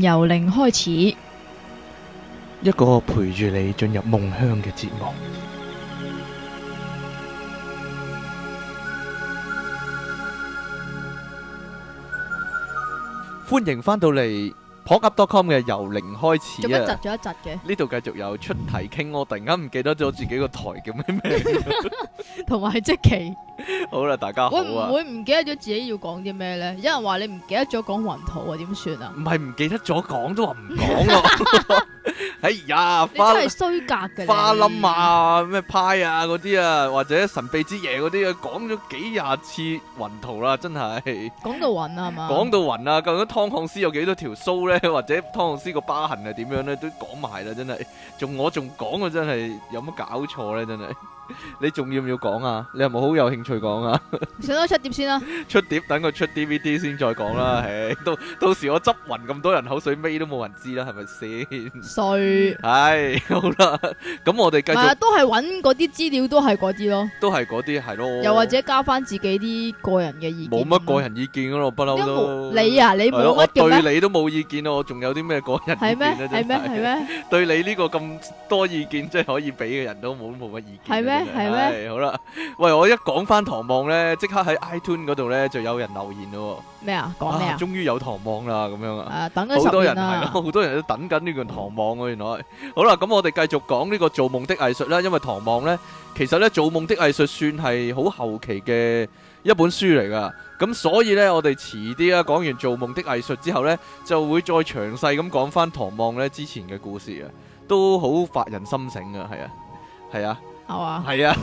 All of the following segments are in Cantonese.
由零開始，一個陪住你進入夢鄉嘅節目。歡迎翻到嚟 popup.com 嘅由零開始。做一集，做一集嘅。呢度繼續有出題傾，我突然間唔記得咗自己個台叫咩名。同埋即期，奇 好啦，大家好啊！會唔會唔記得咗自己要講啲咩咧？有人話你唔記得咗講雲圖啊，點算啊？唔係唔記得咗講都話唔講咯。哎呀，花你都係衰格嘅。花冧啊，咩派啊嗰啲啊，或者神秘之夜嗰啲啊，講咗幾廿次雲圖啦，真係。講到暈啊，係嘛？講到暈啊，究竟湯漢斯有幾多條鬚咧？或者湯漢斯個疤痕係點樣咧？都講埋啦，真係。仲，我仲講啊，真係有乜搞錯咧？真係。你仲要唔要講啊？你係咪好有興趣講啊？想多出碟先啦，出碟等佢出 DVD 先再講啦。誒，到到時我執匀咁多人口水尾都冇人知啦，係咪先？衰誒，好啦，咁我哋繼續都係搵嗰啲資料，都係嗰啲咯，都係嗰啲係咯。又或者加翻自己啲個人嘅意見，冇乜個人意見噶咯，不嬲都你啊，你冇乜意見，我對你都冇意見啦。我仲有啲咩個人意見咧？係咩？係咩？係咩？對你呢個咁多意見，真係可以俾嘅人都冇冇乜意見。係、哎、好啦，喂，我一講翻唐望呢，即刻喺 iTunes 嗰度呢，就有人留言咯。咩啊？講咩啊？終於有唐望啦，咁樣啊？等緊十年，好多人，係好多人都等緊呢本唐望喎。原來好啦，咁我哋繼續講呢個《做夢的藝術》啦。因為唐望呢，其實呢，《做夢的藝術》算係好後期嘅一本書嚟噶。咁所以呢，我哋遲啲啊，講完《做夢的藝術》之後呢，就會再詳細咁講翻唐望呢之前嘅故事啊，都好發人心醒噶，係啊，係啊。係嘛？係啊！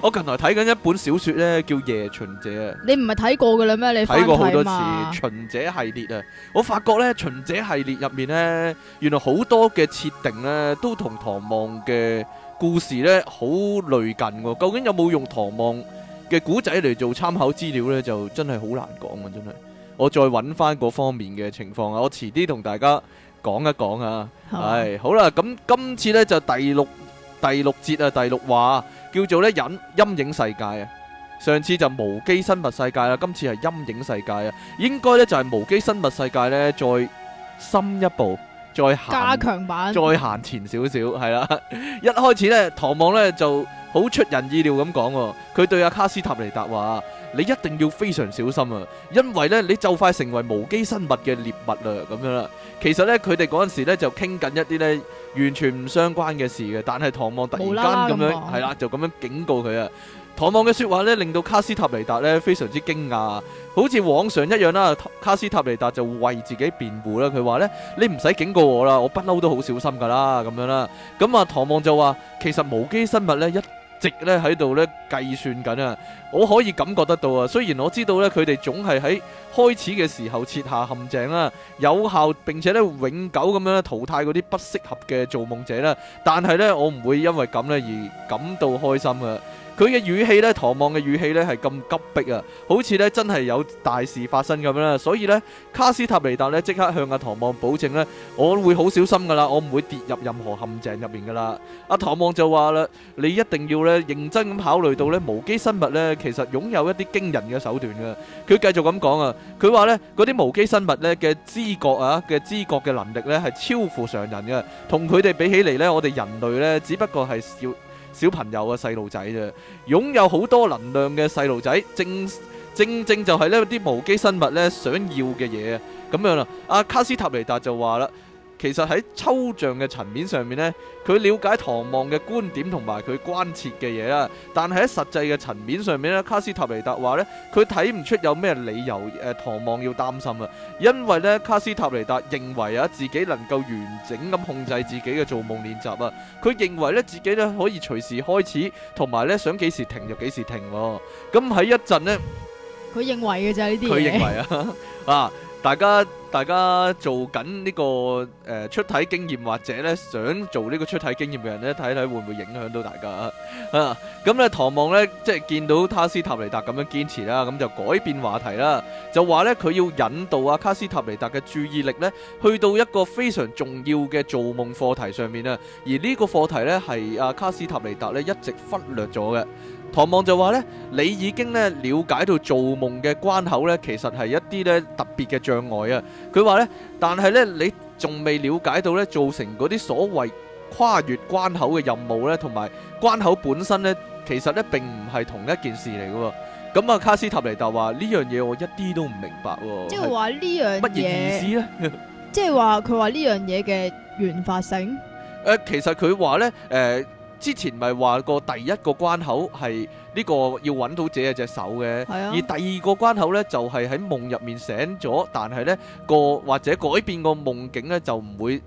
我近來睇緊一本小說咧，叫《夜巡者》。你唔係睇過嘅啦咩？你睇過好多次《巡者》系列啊！我發覺咧，《巡者》系列入面咧，原來好多嘅設定咧，都同《唐望》嘅故事咧好類近喎。究竟有冇用《唐望》嘅古仔嚟做參考資料咧？就真係好難講啊！真係，我再搵翻嗰方面嘅情況啊！我遲啲同大家講一講啊！係好啦，咁今次咧就第六。第六節啊，第六話叫做咧忍陰影世界啊。上次就無機生物世界啦，今次係陰影世界啊。應該咧就係、是、無機生物世界咧，再深一步，再行加強版，再行前少少係啦。 一開始咧，唐望咧就好出人意料咁講喎，佢對阿卡斯塔尼達話。你一定要非常小心啊，因為咧你就快成為無機生物嘅獵物啦，咁樣啦。其實咧佢哋嗰陣時咧就傾緊一啲咧完全唔相關嘅事嘅，但係唐望突然間咁樣係啦，就咁樣警告佢啊。唐望嘅說話咧令到卡斯塔尼達咧非常之驚訝，好似往常一樣啦。卡斯塔尼達就會為自己辯護啦，佢話咧你唔使警告我啦，我不嬲都好小心噶啦，咁樣啦。咁啊唐望就話其實無機生物咧一。直咧喺度咧計算緊啊！我可以感覺得到啊，雖然我知道咧佢哋總係喺開始嘅時候設下陷阱啦，有效並且咧永久咁樣咧淘汰嗰啲不適合嘅做夢者啦，但係咧我唔會因為咁咧而感到開心啊。佢嘅語氣呢，唐望嘅語氣呢係咁急迫啊，好似呢真係有大事發生咁啦。所以呢，卡斯塔尼達呢即刻向阿唐望保證呢，我會好小心噶啦，我唔會跌入任何陷阱入面噶啦。阿唐望就話啦，你一定要呢認真咁考慮到呢無機生物呢其實擁有一啲驚人嘅手段嘅。佢繼續咁講啊，佢話呢嗰啲無機生物呢嘅知覺啊嘅知覺嘅能力呢係超乎常人嘅，同佢哋比起嚟呢，我哋人類呢，只不過係少。小朋友啊，細路仔啫，擁有好多能量嘅細路仔，正正正就係呢啲無機生物呢想要嘅嘢啊！咁樣啦，阿卡斯塔尼達就話啦。其實喺抽象嘅層面上面呢，佢了解唐望嘅觀點同埋佢關切嘅嘢啦。但係喺實際嘅層面上面呢，卡斯塔尼達話呢，佢睇唔出有咩理由誒、呃、唐望要擔心啊。因為呢，卡斯塔尼達認為啊，自己能夠完整咁控制自己嘅做夢練習啊。佢認為呢，自己呢可以隨時開始，同埋呢想幾時停就幾時停。咁喺一陣呢，佢認為嘅就係呢啲佢認為啊，啊大家。大家做緊呢個誒出體經驗，或者咧想做呢個出體經驗嘅人咧，睇睇會唔會影響到大家 啊？咁咧，唐望咧即係見到卡斯塔尼達咁樣堅持啦，咁就改變話題啦，就話咧佢要引導啊卡斯塔尼達嘅注意力咧去到一個非常重要嘅做夢課題上面啊，而呢個課題咧係啊卡斯塔尼達咧一直忽略咗嘅。唐望就話咧，你已經咧瞭解到做夢嘅關口咧，其實係一啲咧特別嘅障礙啊。佢話咧，但係咧你仲未瞭解到咧造成嗰啲所謂跨越關口嘅任務咧，同埋關口本身咧，其實咧並唔係同一件事嚟嘅喎。咁啊，卡斯塔尼達就話呢樣嘢我一啲都唔明白喎。即係話呢樣乜嘢意思咧？即係話佢話呢樣嘢嘅原發性。誒，其實佢話咧，誒。之前咪話過第一個關口係呢個要揾到自己隻手嘅。的而第二個關口呢就係喺夢入面醒咗，但係呢個或者改變個夢境呢，就唔會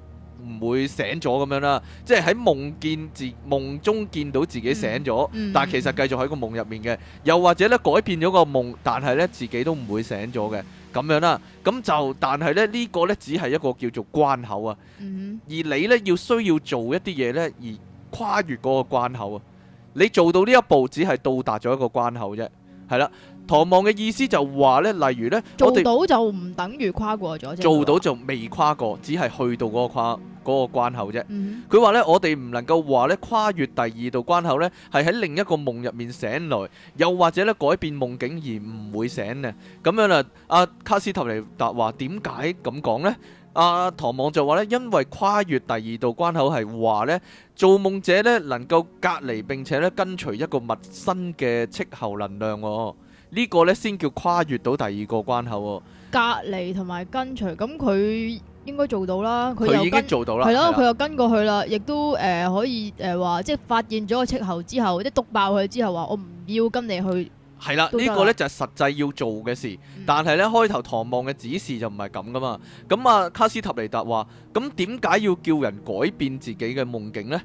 唔會醒咗咁樣啦。即係喺夢見自夢中見到自己醒咗，嗯嗯、但其實繼續喺個夢入面嘅。又或者咧改變咗個夢，但係呢自己都唔會醒咗嘅咁樣啦。咁就但係咧呢、這個呢，只係一個叫做關口啊。嗯、而你呢，要需要做一啲嘢呢。而。跨越嗰個關口啊！你做到呢一步，只係到達咗一個關口啫。係啦，唐望嘅意思就話咧，例如咧，做到就唔等於跨過咗啫。做到就未跨過，只係去到嗰個跨嗰個關口啫。佢話咧，我哋唔能夠話咧跨越第二道關口咧，係喺另一個夢入面醒來，又或者咧改變夢境而唔會醒嘅。咁樣啊，阿卡斯特尼達話點解咁講咧？阿、啊、唐望就話咧，因為跨越第二道關口係話咧，造夢者咧能夠隔離並且咧跟隨一個陌生嘅斥候能量，哦，這個、呢個咧先叫跨越到第二個關口。哦。隔離同埋跟隨，咁佢應該做到啦。佢已經做到啦，係咯，佢又跟過去啦，亦的都誒、呃、可以誒話、呃，即係發現咗個斥候之後，即督爆佢之後話，我唔要跟你去。係啦，呢、呢個呢就係實際要做嘅事，嗯、但係呢，開頭唐望嘅指示就唔係咁噶嘛。咁啊，卡斯塔尼達話：「咁點解要叫人改變自己嘅夢境呢？」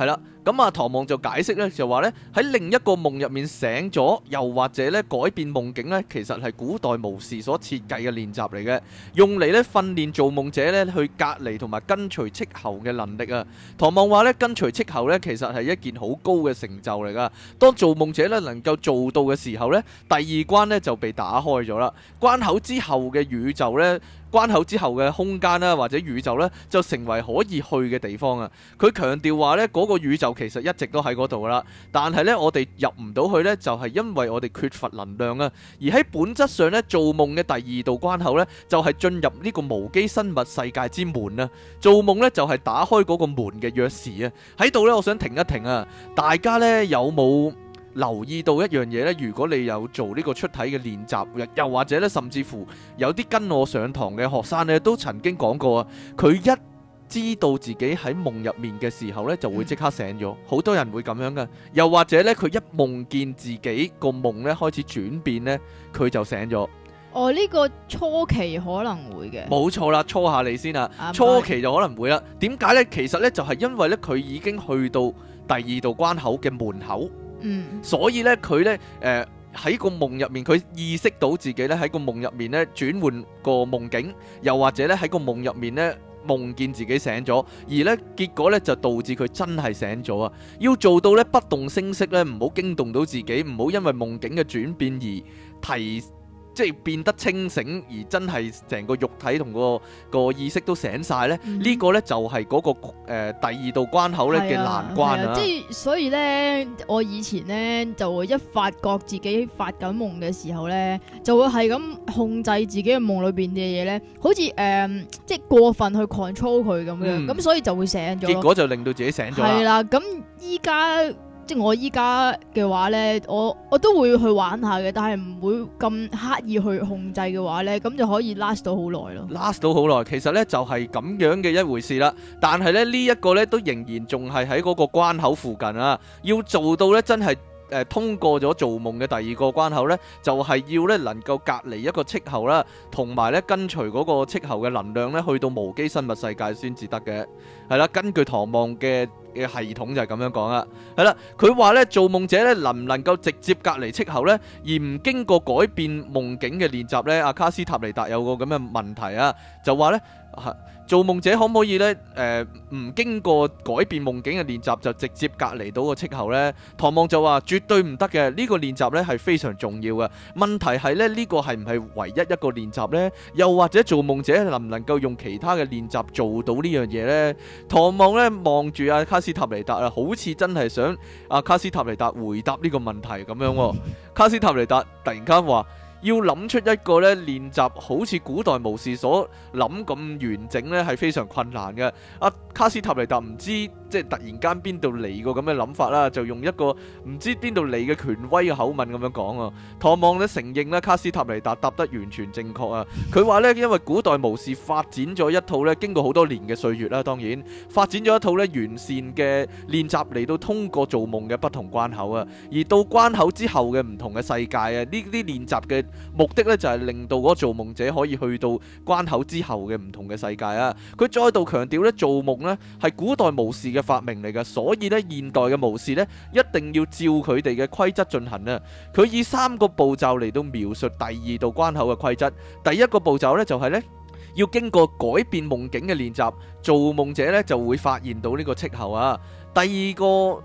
係啦，咁啊、嗯，唐望就解釋咧，就話咧，喺另一個夢入面醒咗，又或者咧改變夢境咧，其實係古代巫師所設計嘅練習嚟嘅，用嚟咧訓練做夢者咧去隔離同埋跟隨斥候嘅能力啊。唐望話咧，跟隨斥候咧，其實係一件好高嘅成就嚟噶。當造夢者咧能夠做到嘅時候咧，第二關咧就被打開咗啦。關口之後嘅宇宙咧。關口之後嘅空間咧，或者宇宙呢，就成為可以去嘅地方啊。佢強調話呢，嗰個宇宙其實一直都喺嗰度啦，但係呢，我哋入唔到去呢，就係因為我哋缺乏能量啊。而喺本質上呢，做夢嘅第二道關口呢，就係進入呢個無機生物世界之門啊。做夢呢，就係打開嗰個門嘅鑰匙啊。喺度呢，我想停一停啊，大家呢，有冇？留意到一樣嘢咧，如果你有做呢個出體嘅練習，又或者咧，甚至乎有啲跟我上堂嘅學生咧，都曾經講過啊。佢一知道自己喺夢入面嘅時候咧，就會即刻醒咗。嗯，好多人會咁樣噶。又或者咧，佢一夢見自己個夢咧開始轉變咧，佢就醒咗。哦，呢個初期可能會嘅，冇錯啦。初下你先啦啊，初期就可能會啦。點解咧？其實咧就係因為咧，佢已經去到第二道關口嘅門口。嗯，所以咧，佢、呃、咧，誒喺個夢入面，佢意識到自己咧喺個夢入面咧轉換個夢境，又或者咧喺個夢入面咧夢見自己醒咗，而咧結果咧就導致佢真係醒咗啊！要做到咧不動聲色咧，唔好驚動到自己，唔好因為夢境嘅轉變而提。即係變得清醒，而真係成個肉體同個個意識都醒晒。咧、mm。呢、hmm. 個咧就係嗰、嗰個、呃、第二道關口咧嘅難關啦。即係所以咧，我以前咧就會一發覺自己發緊夢嘅時候咧，就會係咁控制自己嘅夢裏邊嘅嘢咧，好似誒即係過分去 control 佢咁樣。咁、mm hmm. 所以就會醒咗。結果就令到自己醒咗。係啦、啊，咁依家。即係我依家嘅話咧，我我都會去玩下嘅，但係唔會咁刻意去控制嘅話咧，咁就可以 last 到好耐咯。last 到好耐，其實咧就係咁樣嘅一回事啦。但係咧呢一個咧都仍然仲係喺嗰個關口附近啊。要做到咧真係誒通過咗做夢嘅第二個關口咧，就係要咧能夠隔離一個斥候啦，同埋咧跟隨嗰個斥候嘅能量咧去到無機生物世界先至得嘅。係啦，根據唐望嘅。嘅系統就係咁樣講啦，係啦，佢話咧，做夢者咧能唔能夠直接隔離斥候咧，而唔經過改變夢境嘅練習咧？阿卡斯塔尼達有個咁嘅問題啊，就話咧。啊做夢者可唔可以呢？誒、呃、唔經過改變夢境嘅練習就直接隔離到個跡候呢？唐望就話絕對唔得嘅，呢、這個練習呢係非常重要嘅。問題係呢，呢、這個係唔係唯一一個練習呢？又或者做夢者能唔能夠用其他嘅練習做到呢樣嘢呢？唐望呢望住阿卡斯塔尼達啊，好似真係想阿卡斯塔尼達回答呢個問題咁樣。卡斯塔尼達突然間話。要諗出一個咧練習，好似古代武士所諗咁完整咧，係非常困難嘅。阿卡斯塔尼特唔知。即係突然間邊度嚟過咁嘅諗法啦，就用一個唔知邊度嚟嘅權威嘅口吻咁樣講啊。唐望咧承認咧卡斯塔尼達答得完全正確啊。佢話咧因為古代巫師發展咗一套咧經過好多年嘅歲月啦、啊，當然發展咗一套咧完善嘅練習嚟到通過做夢嘅不同關口啊。而到關口之後嘅唔同嘅世界啊，呢啲練習嘅目的咧就係令到嗰做夢者可以去到關口之後嘅唔同嘅世界啊。佢再度強調咧做夢咧係古代巫師嘅。發明嚟噶，所以咧現代嘅巫師咧一定要照佢哋嘅規則進行啊！佢以三個步驟嚟到描述第二道關口嘅規則。第一個步驟咧就係咧要經過改變夢境嘅練習，做夢者咧就會發現到呢個跡後啊。第二個。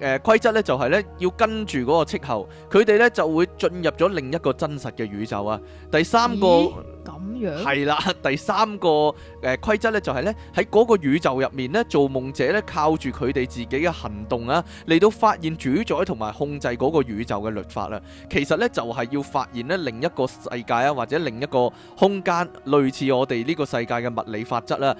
誒，規則咧就係咧要跟住嗰個氣候，佢哋咧就會進入咗另一個真實嘅宇宙啊！第三個咁樣係啦，第三個誒規則咧就係咧喺嗰個宇宙入面咧，做夢者咧靠住佢哋自己嘅行動啊，嚟到發現主宰同埋控制嗰個宇宙嘅律法啦。其實咧就係要發現咧另一個世界啊，或者另一個空間類似我哋呢個世界嘅物理法則啦。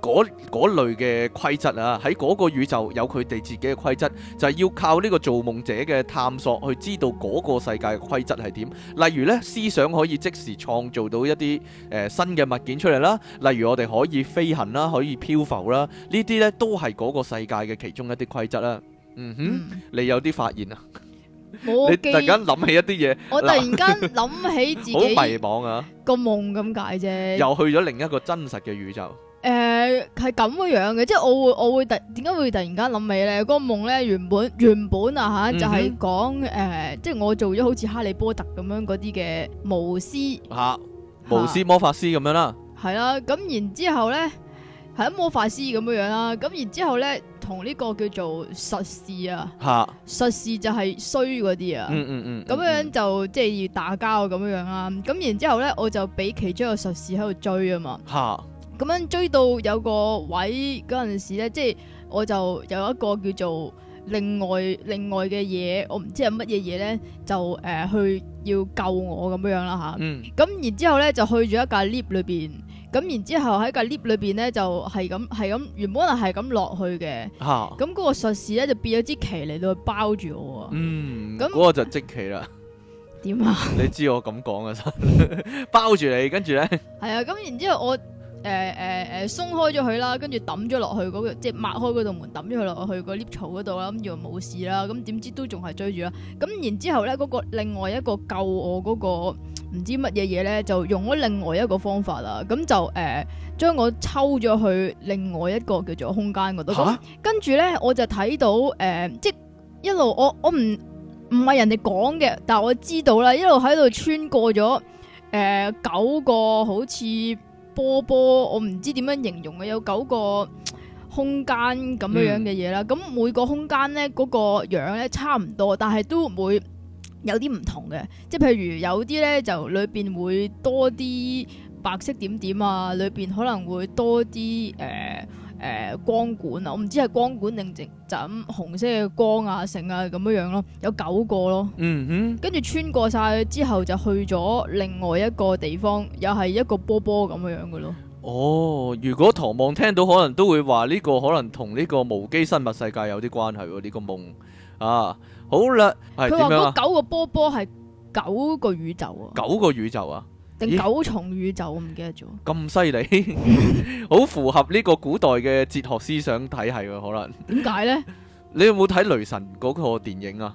嗰嗰類嘅規則啊，喺嗰個宇宙有佢哋自己嘅規則，就係、是、要靠呢個造夢者嘅探索去知道嗰個世界嘅規則係點。例如呢，思想可以即時創造到一啲誒、呃、新嘅物件出嚟啦。例如我哋可以飛行啦，可以漂浮啦，呢啲呢都係嗰個世界嘅其中一啲規則啦。嗯哼，嗯你有啲發現啊？ 你突然間諗起一啲嘢，我,記啦我突然間諗起自己好 迷茫啊，個夢咁解啫。又去咗另一個真實嘅宇,宇宙。誒，係咁嘅樣嘅，即係我會我會特點解會突然間諗起咧？嗰、那個夢咧原本原本啊吓，嗯、哼就係講誒，即係我做咗好似哈利波特咁樣嗰啲嘅巫師吓，巫師魔法師咁樣、啊、啦，係啦，咁然之後咧係魔法師咁樣樣、啊、啦，咁然之後咧同呢個叫做術士啊吓，術哈士就係衰嗰啲啊，嗯嗯嗯，嗯，嗯嗯嗯，咁樣就即係要打交咁樣樣、啊、啦，咁然之後咧我就俾其中一個術士喺度追嘛啊嘛吓。啊。咁樣追到有個位嗰陣時咧，即係我就有一個叫做另外另外嘅嘢，我唔知係乜嘢嘢咧，就誒去要救我咁樣樣啦吓。咁然之後咧就去咗一架 lift 裏邊，咁然之後喺架 lift 裏邊咧就係咁係咁原本係咁落去嘅。咁嗰個術士咧就變咗支旗嚟到包住我。嗯，咁嗰個就即旗啦。點啊？你知我咁講嘅，包住你，跟住咧。係啊，咁然之後我。誒誒誒，鬆、呃呃、開咗佢啦，跟住抌咗落去嗰、那、度、個，即係擘開嗰道門抌咗佢落去個 lift 槽嗰度啦，咁就冇事啦。咁點知都仲係追住啦。咁然之後咧，嗰、那個另外一個救我嗰個唔知乜嘢嘢咧，就用咗另外一個方法啦。咁就誒，將、呃、我抽咗去另外一個叫做空間嗰度。跟住咧，我就睇到誒、呃，即一路我我唔唔係人哋講嘅，但係我知道啦，一路喺度穿過咗誒、呃、九個好似。波波，我唔知點樣形容嘅，有九個空間咁樣樣嘅嘢啦。咁 Yeah. 每個空間咧，嗰個樣咧差唔多，但係都會有啲唔同嘅。即係譬如有啲咧就裏邊會多啲白色點點啊，裏邊可能會多啲誒。呃誒、呃，光管啊，我唔知係光管定就咁紅色嘅光啊，成啊咁樣樣咯，有九個咯，嗯哼，跟住穿過晒之後就去咗另外一個地方，又係一個波波咁樣樣嘅咯。哦，如果唐望聽到，可能都會話呢個可能同呢個無機生物世界有啲關係呢，啊呢個夢啊，好啦，佢話九個波波係九個宇宙啊，九個宇宙啊。定九重宇宙咦，我唔記得咗。咁犀利，好符合呢個古代嘅哲學思想體系喎，可能。點解呢？ 你有冇睇《雷神》嗰個電影啊？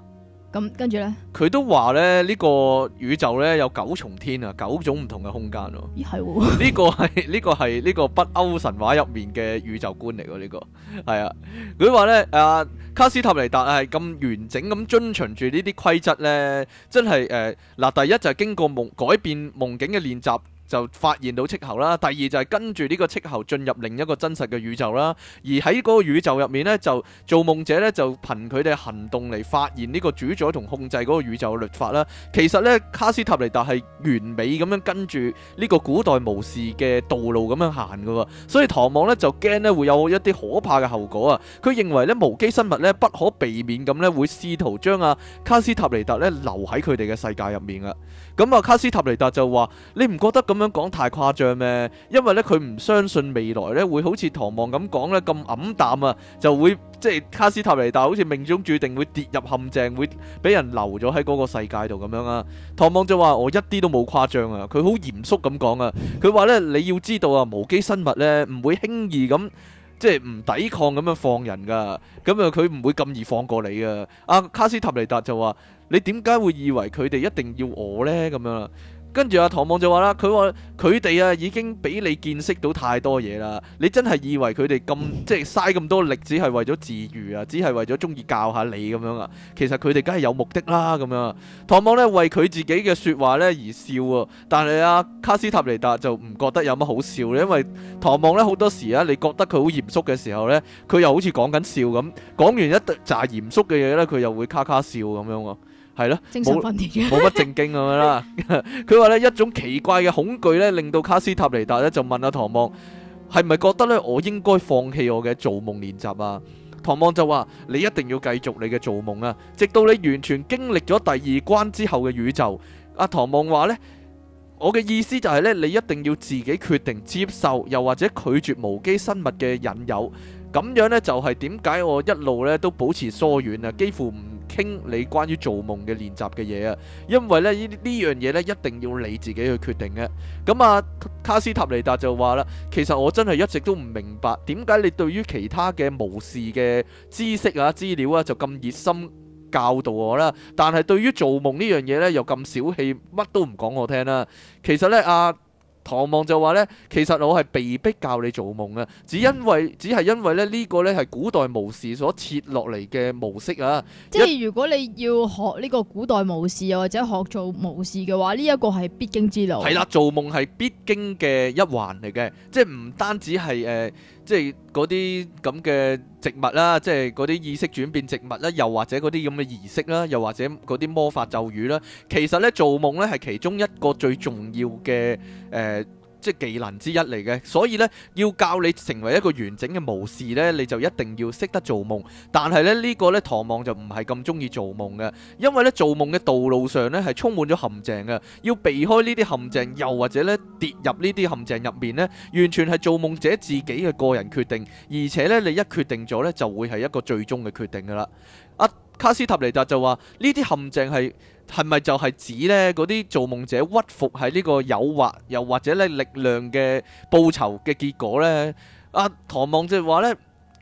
咁跟住咧，佢、嗯、都話咧呢、呢個宇宙咧有九重天啊，九種唔同嘅空間咯。係呢、哦、 個係呢、呢個係呢個北歐神話入面嘅宇宙觀嚟嘅呢個係啊。佢話咧誒，卡斯塔尼達係咁完整咁遵循住呢啲規則咧，真係誒嗱，第一就係經過夢改變夢境嘅練習。就發現到斥候啦，第二就係跟住呢個斥候進入另一個真實嘅宇宙啦，而喺嗰個宇宙入面呢，就做夢者呢，就憑佢哋行動嚟發現呢個主宰同控制嗰個宇宙嘅律法啦。其實呢，卡斯塔尼達係完美咁樣跟住呢個古代巫師嘅道路咁樣行嘅喎，所以唐望呢，就驚呢會有一啲可怕嘅後果啊！佢認為呢，無機生物呢，不可避免咁呢，會試圖將啊卡斯塔尼達呢，留喺佢哋嘅世界入面啊！咁、嗯、啊，卡斯塔尼達就話：你唔覺得咁樣講太誇張咩？因為咧佢唔相信未來咧會好似唐望咁講咧咁黯淡啊，就會即係卡斯塔尼達好似命中注定會跌入陷阱，會俾人留咗喺嗰個世界度咁樣啊。唐望就話，我一啲都冇誇張啊，佢好嚴肅咁講啊。佢話咧，你要知道啊，無機生物咧唔會輕易咁即係唔抵抗咁樣放人噶，咁啊佢唔會咁易放過你啊。阿卡斯塔尼達就話，你點解會以為佢哋一定要我呢？」咁樣啊。跟住阿唐望就話啦，佢話佢哋啊已經俾你見識到太多嘢啦，你真係以為佢哋咁即係嘥咁多力，只係為咗自娛啊，只係為咗中意教下你咁樣啊？其實佢哋梗係有目的啦咁樣。唐望咧為佢自己嘅說話咧而笑啊，但係阿卡斯塔尼達就唔覺得有乜好笑，因為唐望咧好多時啊，你覺得佢好嚴肅嘅時候咧，佢又好似講緊笑咁，講完一拃嚴肅嘅嘢咧，佢又會卡卡笑咁樣啊。係咯，冇乜正經咁樣啦。佢 話呢，一種奇怪嘅恐懼呢，令到卡斯塔尼達呢，就問阿、啊、唐望係咪覺得呢？我應該放棄我嘅做夢練習啊？唐望就話你一定要繼續你嘅做夢啊，直到你完全經歷咗第二關之後嘅宇宙。阿、啊、唐望話呢，我嘅意思就係呢，你一定要自己決定接受又或者拒絕無機生物嘅引誘，咁樣呢，就係點解我一路呢都保持疏遠啊，幾乎唔。傾你關於做夢嘅練習嘅嘢啊，因為咧呢呢樣嘢咧一定要你自己去決定嘅。咁啊，卡斯塔尼達就話啦，其實我真係一直都唔明白，點解你對於其他嘅巫士嘅知識啊、資料啊，就咁熱心教導我啦，但係對於做夢呢樣嘢咧又咁小氣，乜都唔講我聽啦。其實咧阿、啊唐望就話呢，其實我係被逼教你做夢嘅，只因為、嗯、只係因為咧呢個咧係古代巫師所設落嚟嘅模式啊！即係如果你要學呢個古代巫師，又或者學做巫師嘅話，呢一個係必經之路。係啦，做夢係必經嘅一環嚟嘅，即係唔單止係誒。呃即係嗰啲咁嘅植物啦，即係嗰啲意識轉變植物啦，又或者嗰啲咁嘅儀式啦，又或者嗰啲魔法咒語啦，其實呢，做夢呢係其中一個最重要嘅誒。呃即係技能之一嚟嘅，所以呢，要教你成為一個完整嘅巫士呢，你就一定要識得做夢。但係咧呢個呢，唐望就唔係咁中意做夢嘅，因為呢，做夢嘅道路上呢，係充滿咗陷阱嘅，要避開呢啲陷阱，又或者呢跌入呢啲陷阱入面呢，完全係做夢者自己嘅個人決定，而且呢，你一決定咗呢，就會係一個最終嘅決定噶啦。卡斯塔尼達就話：呢啲陷阱係係咪就係指呢啲做夢者屈服喺呢個誘惑，又或者咧力量嘅報酬嘅結果呢？阿、啊、唐望就話呢。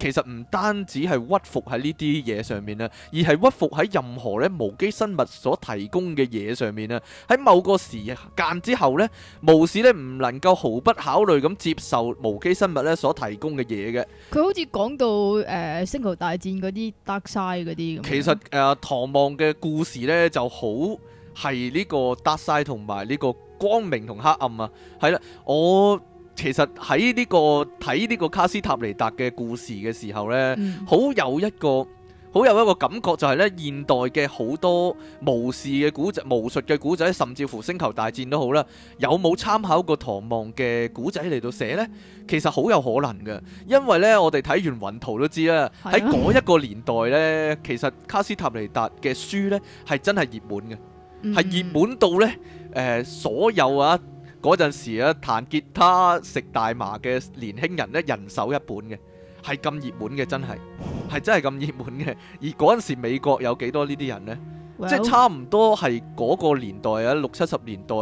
其實唔單止係屈服喺呢啲嘢上面啦，而係屈服喺任何咧無機生物所提供嘅嘢上面啦。喺某個時間之後咧，無視咧唔能夠毫不考慮咁接受無機生物咧所提供嘅嘢嘅。佢好似講到誒星球大戰嗰啲 dark side 嗰啲咁。其實誒，唐望嘅故事咧就好係呢個 dark side 同埋呢個光明同黑暗啊。係啦，我。其實喺呢、這個睇呢個卡斯塔尼達嘅故事嘅時候呢，好、嗯、有一個好有一個感覺就係呢：現代嘅好多巫師嘅古仔、巫術嘅古仔，甚至乎星球大戰都好啦，有冇參考過《唐望》嘅古仔嚟到寫呢？其實好有可能嘅，因為呢，我哋睇完《雲圖》都知啦，喺嗰、啊、一個年代呢，其實卡斯塔尼達嘅書呢係真係熱門嘅，係熱門到呢誒、呃，所有啊。嗰陣時啊，彈吉他食大麻嘅年輕人咧，人手一本嘅，係咁熱門嘅，真係，係真係咁熱門嘅。而嗰陣時美國有幾多呢啲人呢？Well，即係差唔多係嗰個年代啊，六七十年代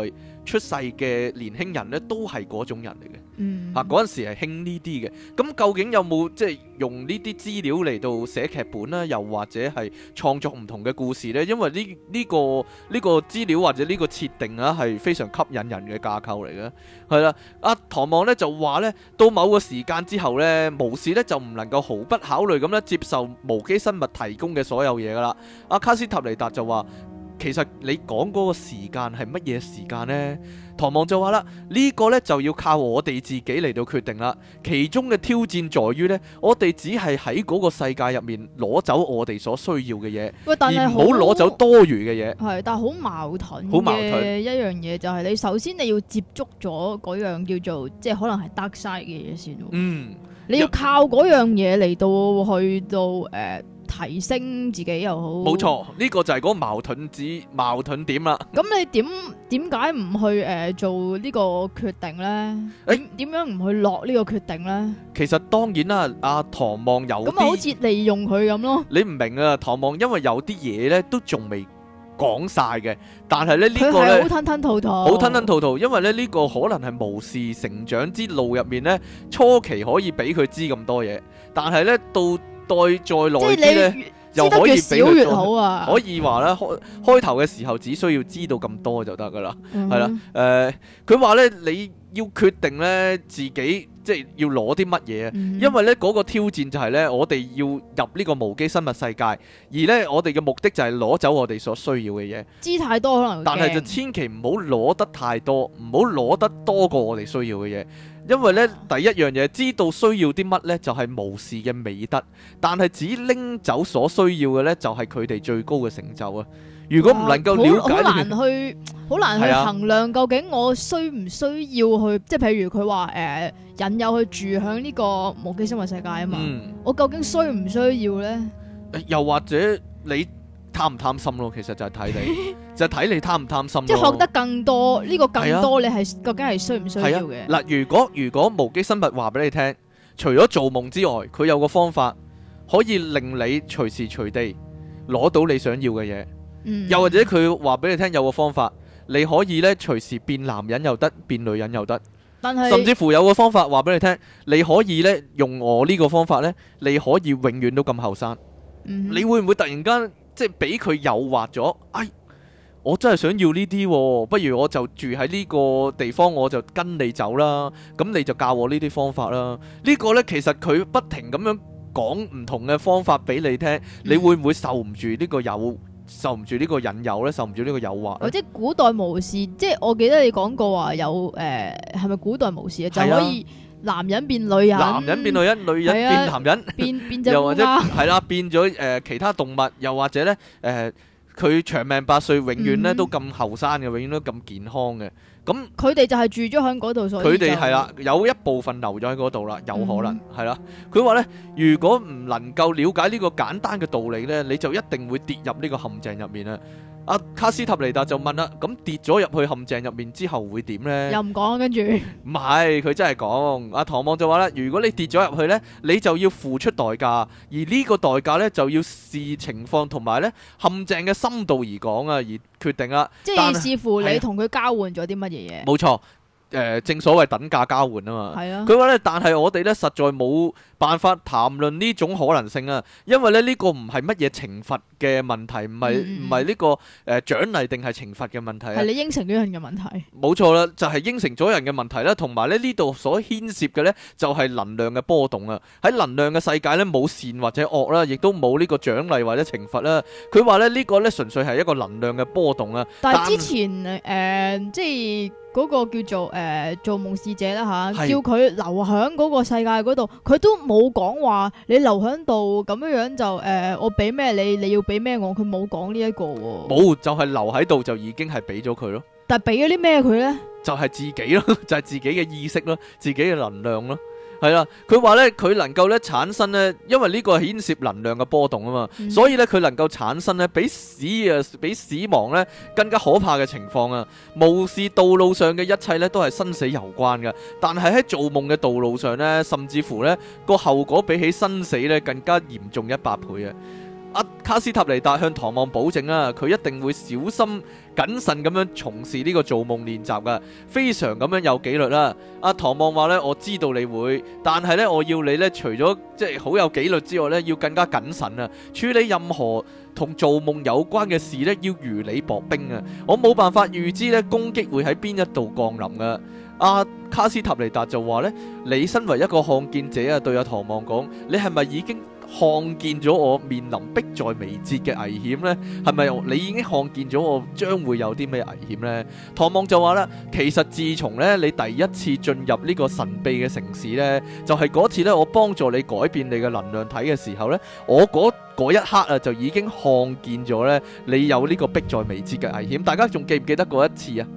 出世嘅年輕人咧，都係嗰種人嚟嘅。嗯，嗰陣、啊、時係興呢啲嘅，咁究竟有冇即係用資呢啲資料嚟到寫劇本啦，又或者係創作唔同嘅故事呢？因為呢呢、這個呢、這個資料或者呢個設定啊，係非常吸引人嘅架構嚟嘅，係啦。阿、啊、唐望呢就話呢，到某個時間之後呢，巫士呢就唔能夠毫不考慮咁咧接受無機生物提供嘅所有嘢噶啦。阿、啊、卡斯塔尼達就話。其實你講嗰個時間係乜嘢時間呢？唐望就話啦，呢個呢就要靠我哋自己嚟到決定啦。其中嘅挑戰在於呢：我哋只係喺嗰個世界入面攞走我哋所需要嘅嘢，但唔好攞走多餘嘅嘢。係，但係好矛盾嘅一樣嘢就係，你首先你要接觸咗嗰樣叫做即係可能係 dark side 嘅嘢先。嗯，你要靠嗰樣嘢嚟到去到誒。Uh, 提升自己又好，冇錯，呢個就係嗰個矛盾指矛盾點啦。咁你點點解唔去誒做呢個決定咧？點點樣唔去落呢個決定咧？其實當然啦，阿唐望有，咁好似利用佢咁咯。你唔明啊，唐望，因為有啲嘢咧都仲未講晒嘅，但係咧呢個咧好吞吞吐吐，好吞吞吐吐，因為咧呢個可能係無事成長之路入面咧初期可以俾佢知咁多嘢，但係咧到。再再耐啲咧，又可以俾、啊、可以話咧。開開頭嘅時候只需要知道咁多就得㗎喇，係啦、嗯哼。誒，佢話咧，你要決定咧自己即係要攞啲乜嘢，嗯、哼因為咧嗰、那個挑戰就係咧，我哋要入呢個無機生物世界，而咧我哋嘅目的就係攞走我哋所需要嘅嘢。知太多可能，但係就千祈唔好攞得太多，唔好攞得多過我哋需要嘅嘢。因為咧，第一樣嘢知道需要啲乜咧，就係、是、無事嘅美德；但係只拎走所需要嘅咧，就係佢哋最高嘅成就啊！如果唔能夠了解好難去，好難去衡量究竟我需唔需要去，啊、即係譬如佢話誒引誘去住響呢個無機生物世界啊嘛，嗯、我究竟需唔需要咧？又或者你貪唔貪心咯？其實就係睇你。 就睇你貪唔貪心，即係學得更多呢、呢個更多你，你係、啊、究竟係需唔需要嘅？嗱，如果如果無機生物話俾你聽，除咗做夢之外，佢有個方法可以令你隨時隨地攞到你想要嘅嘢，嗯、又或者佢話俾你聽有個方法，你可以咧隨時變男人又得，變女人又得，是甚至乎有個方法話俾你聽，你可以咧用我呢個方法咧，你可以永遠都咁後生，嗯、你會唔會突然間即係俾佢誘惑咗？哎！我真係想要呢啲、啊，不如我就住喺呢個地方，我就跟你走啦。咁你就教我呢啲方法啦。呢、呢個呢，其實佢不停咁樣講唔同嘅方法俾你聽，你會唔會受唔住呢個有、嗯、受唔住呢個引誘咧？受唔住呢個誘惑咧？或者古代巫師，即係我記得你講過話有誒，係、呃、咪古代巫師啊？就可以男人變女人、啊，男人變女人，女人變男人，變變隻烏鴉。係啦，變咗誒其他動物，又或者呢。誒、呃。呃呃呃佢長命百歲，永遠咧都咁後生嘅，永遠都咁健康嘅。咁佢哋就係住咗喺嗰度，所以佢哋係啦，有一部分留咗喺嗰度啦，有可能係啦。佢話咧，如果唔能夠了解呢個簡單嘅道理咧，你就一定會跌入呢個陷阱入面啦！阿卡斯塔尼達就問啦，咁跌咗入去陷阱入面之後會點呢？又唔講，跟住唔係，佢真係講。阿唐望就話啦，如果你跌咗入去呢，你就要付出代價，而呢個代價呢，就要視情況同埋呢陷阱嘅深度而講啊，而決定啊。即係視乎你同佢交換咗啲乜嘢嘢。冇錯。誒、呃，正所謂等價交換啊嘛。係啊。佢話咧，但係我哋咧實在冇辦法談論呢種可能性啊，因為咧呢、這個唔係乜嘢懲罰嘅問題，唔係唔係呢個誒獎勵定係懲罰嘅問題。係你應承咗人嘅問題。冇錯啦，就係、是、應承咗人嘅問題啦、啊，同埋咧呢度所牽涉嘅咧就係、是、能量嘅波動啊。喺能量嘅世界咧冇善或者惡啦、啊，亦都冇呢個獎勵或者懲罰啦。佢話咧呢、這個咧純粹係一個能量嘅波動啊。但係之前誒、呃，即係。嗰個叫做誒、呃、做夢使者啦吓，叫佢留響嗰個世界嗰度，佢都冇講話。你留響度咁樣樣就誒、呃，我俾咩你，你要俾咩我，佢冇講呢一個喎、喔。冇就係、是、留喺度就已經係俾咗佢咯。但係俾咗啲咩佢咧？就係自己咯，就係、是、自己嘅意識咯，自己嘅能量咯。係啦，佢話咧，佢能夠咧產生咧，因為呢個係牽涉能量嘅波動啊嘛，嗯、所以咧佢能夠產生咧比死啊比死亡咧更加可怕嘅情況啊。無視道路上嘅一切咧，都係生死攸關噶。但係喺做夢嘅道路上咧，甚至乎咧個後果比起生死咧更加嚴重一百倍啊！阿、啊、卡斯塔尼達向唐望保證啊，佢一定會小心謹慎咁樣從事呢個做夢練習噶，非常咁樣有紀律啦、啊。阿、啊、唐望話呢，我知道你會，但係呢，我要你呢，除咗即係好有紀律之外呢，要更加謹慎啊，處理任何同做夢有關嘅事呢，要如履薄冰啊。我冇辦法預知呢攻擊會喺邊一度降臨啊。阿卡斯塔尼達就話呢，你身為一個看見者啊，對阿唐望講，你係咪已經？看見咗我面臨迫在眉睫嘅危險呢，係咪你已經看見咗我將會有啲咩危險呢？唐望就話啦，其實自從咧你第一次進入呢個神秘嘅城市呢，就係、是、嗰次咧我幫助你改變你嘅能量體嘅時候呢，我嗰一刻啊就已經看見咗呢，你有呢個迫在眉睫嘅危險。大家仲記唔記得嗰一次啊？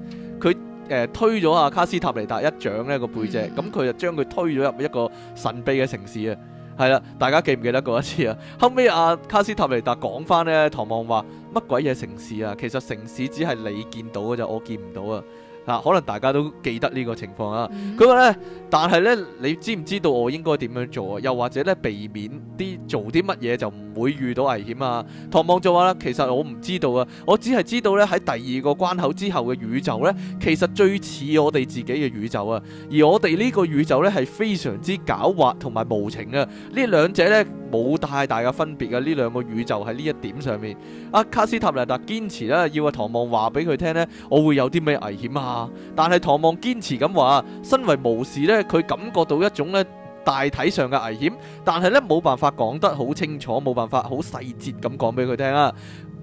佢誒、呃、推咗阿卡斯塔尼達一掌呢個背脊，咁佢就將佢推咗入一個神秘嘅城市啊！係啦，大家記唔記得嗰一次啊？後尾阿卡斯塔尼達講翻咧，唐望話乜鬼嘢城市啊？其實城市只係你見到嘅啫，我見唔到啊！嗱、啊，可能大家都記得呢個情況啊。佢話咧，但係咧，你知唔知道我應該點樣做啊？又或者咧，避免啲做啲乜嘢就唔會遇到危險啊？唐望就話啦，其實我唔知道啊，我只係知道咧喺第二個關口之後嘅宇宙咧，其實最似我哋自己嘅宇宙啊。而我哋呢個宇宙咧係非常之狡猾同埋無情啊。呢兩者咧。冇太大嘅分別嘅，呢兩個宇宙喺呢一點上面。阿卡斯塔尼達堅持咧要阿唐望話俾佢聽咧，我會有啲咩危險啊？但係唐望堅持咁話，身為巫師呢，佢感覺到一種呢大體上嘅危險，但係呢冇辦法講得好清楚，冇辦法好細節咁講俾佢聽啊。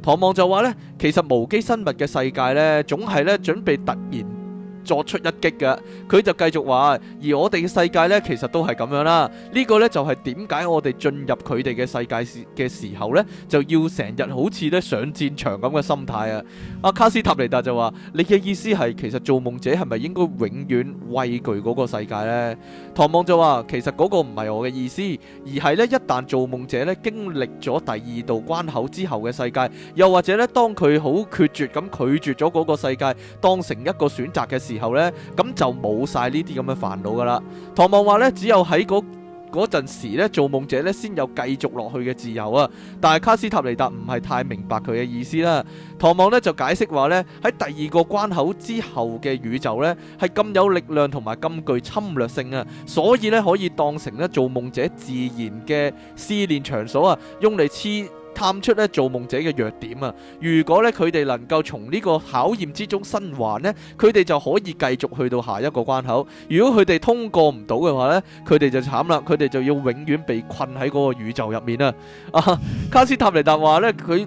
唐望就話呢，其實無機生物嘅世界呢，總係呢準備突然。作出一擊嘅。佢就繼續話，而我哋嘅世界咧，其實都係咁樣啦。呢個咧就係點解我哋進入佢哋嘅世界時嘅時候咧，就要成日好似咧上戰場咁嘅心態啊。阿卡斯塔尼達就話，你嘅意思係其實做夢者係咪應該永遠畏懼嗰個世界咧？唐望就話，其實嗰個唔係我嘅意思，而係咧一旦做夢者咧經歷咗第二道關口之後嘅世界，又或者咧當佢好決絕咁拒絕咗嗰個世界，當成一個選擇嘅時。時候咧，咁就冇晒呢啲咁嘅煩惱噶啦。唐望話呢，只有喺嗰嗰陣時咧，做夢者呢先有繼續落去嘅自由啊。但係卡斯塔尼達唔係太明白佢嘅意思啦、啊。唐望呢就解釋話呢，喺第二個關口之後嘅宇宙呢，係咁有力量同埋咁具侵略性啊，所以呢可以當成呢做夢者自然嘅試煉場所啊，用嚟黐。探出咧做夢者嘅弱點啊！如果咧佢哋能夠從呢個考驗之中生還呢，佢哋就可以繼續去到下一個關口。如果佢哋通過唔到嘅話呢，佢哋就慘啦，佢哋就要永遠被困喺嗰個宇宙入面啦。啊，卡斯塔尼達話呢，佢。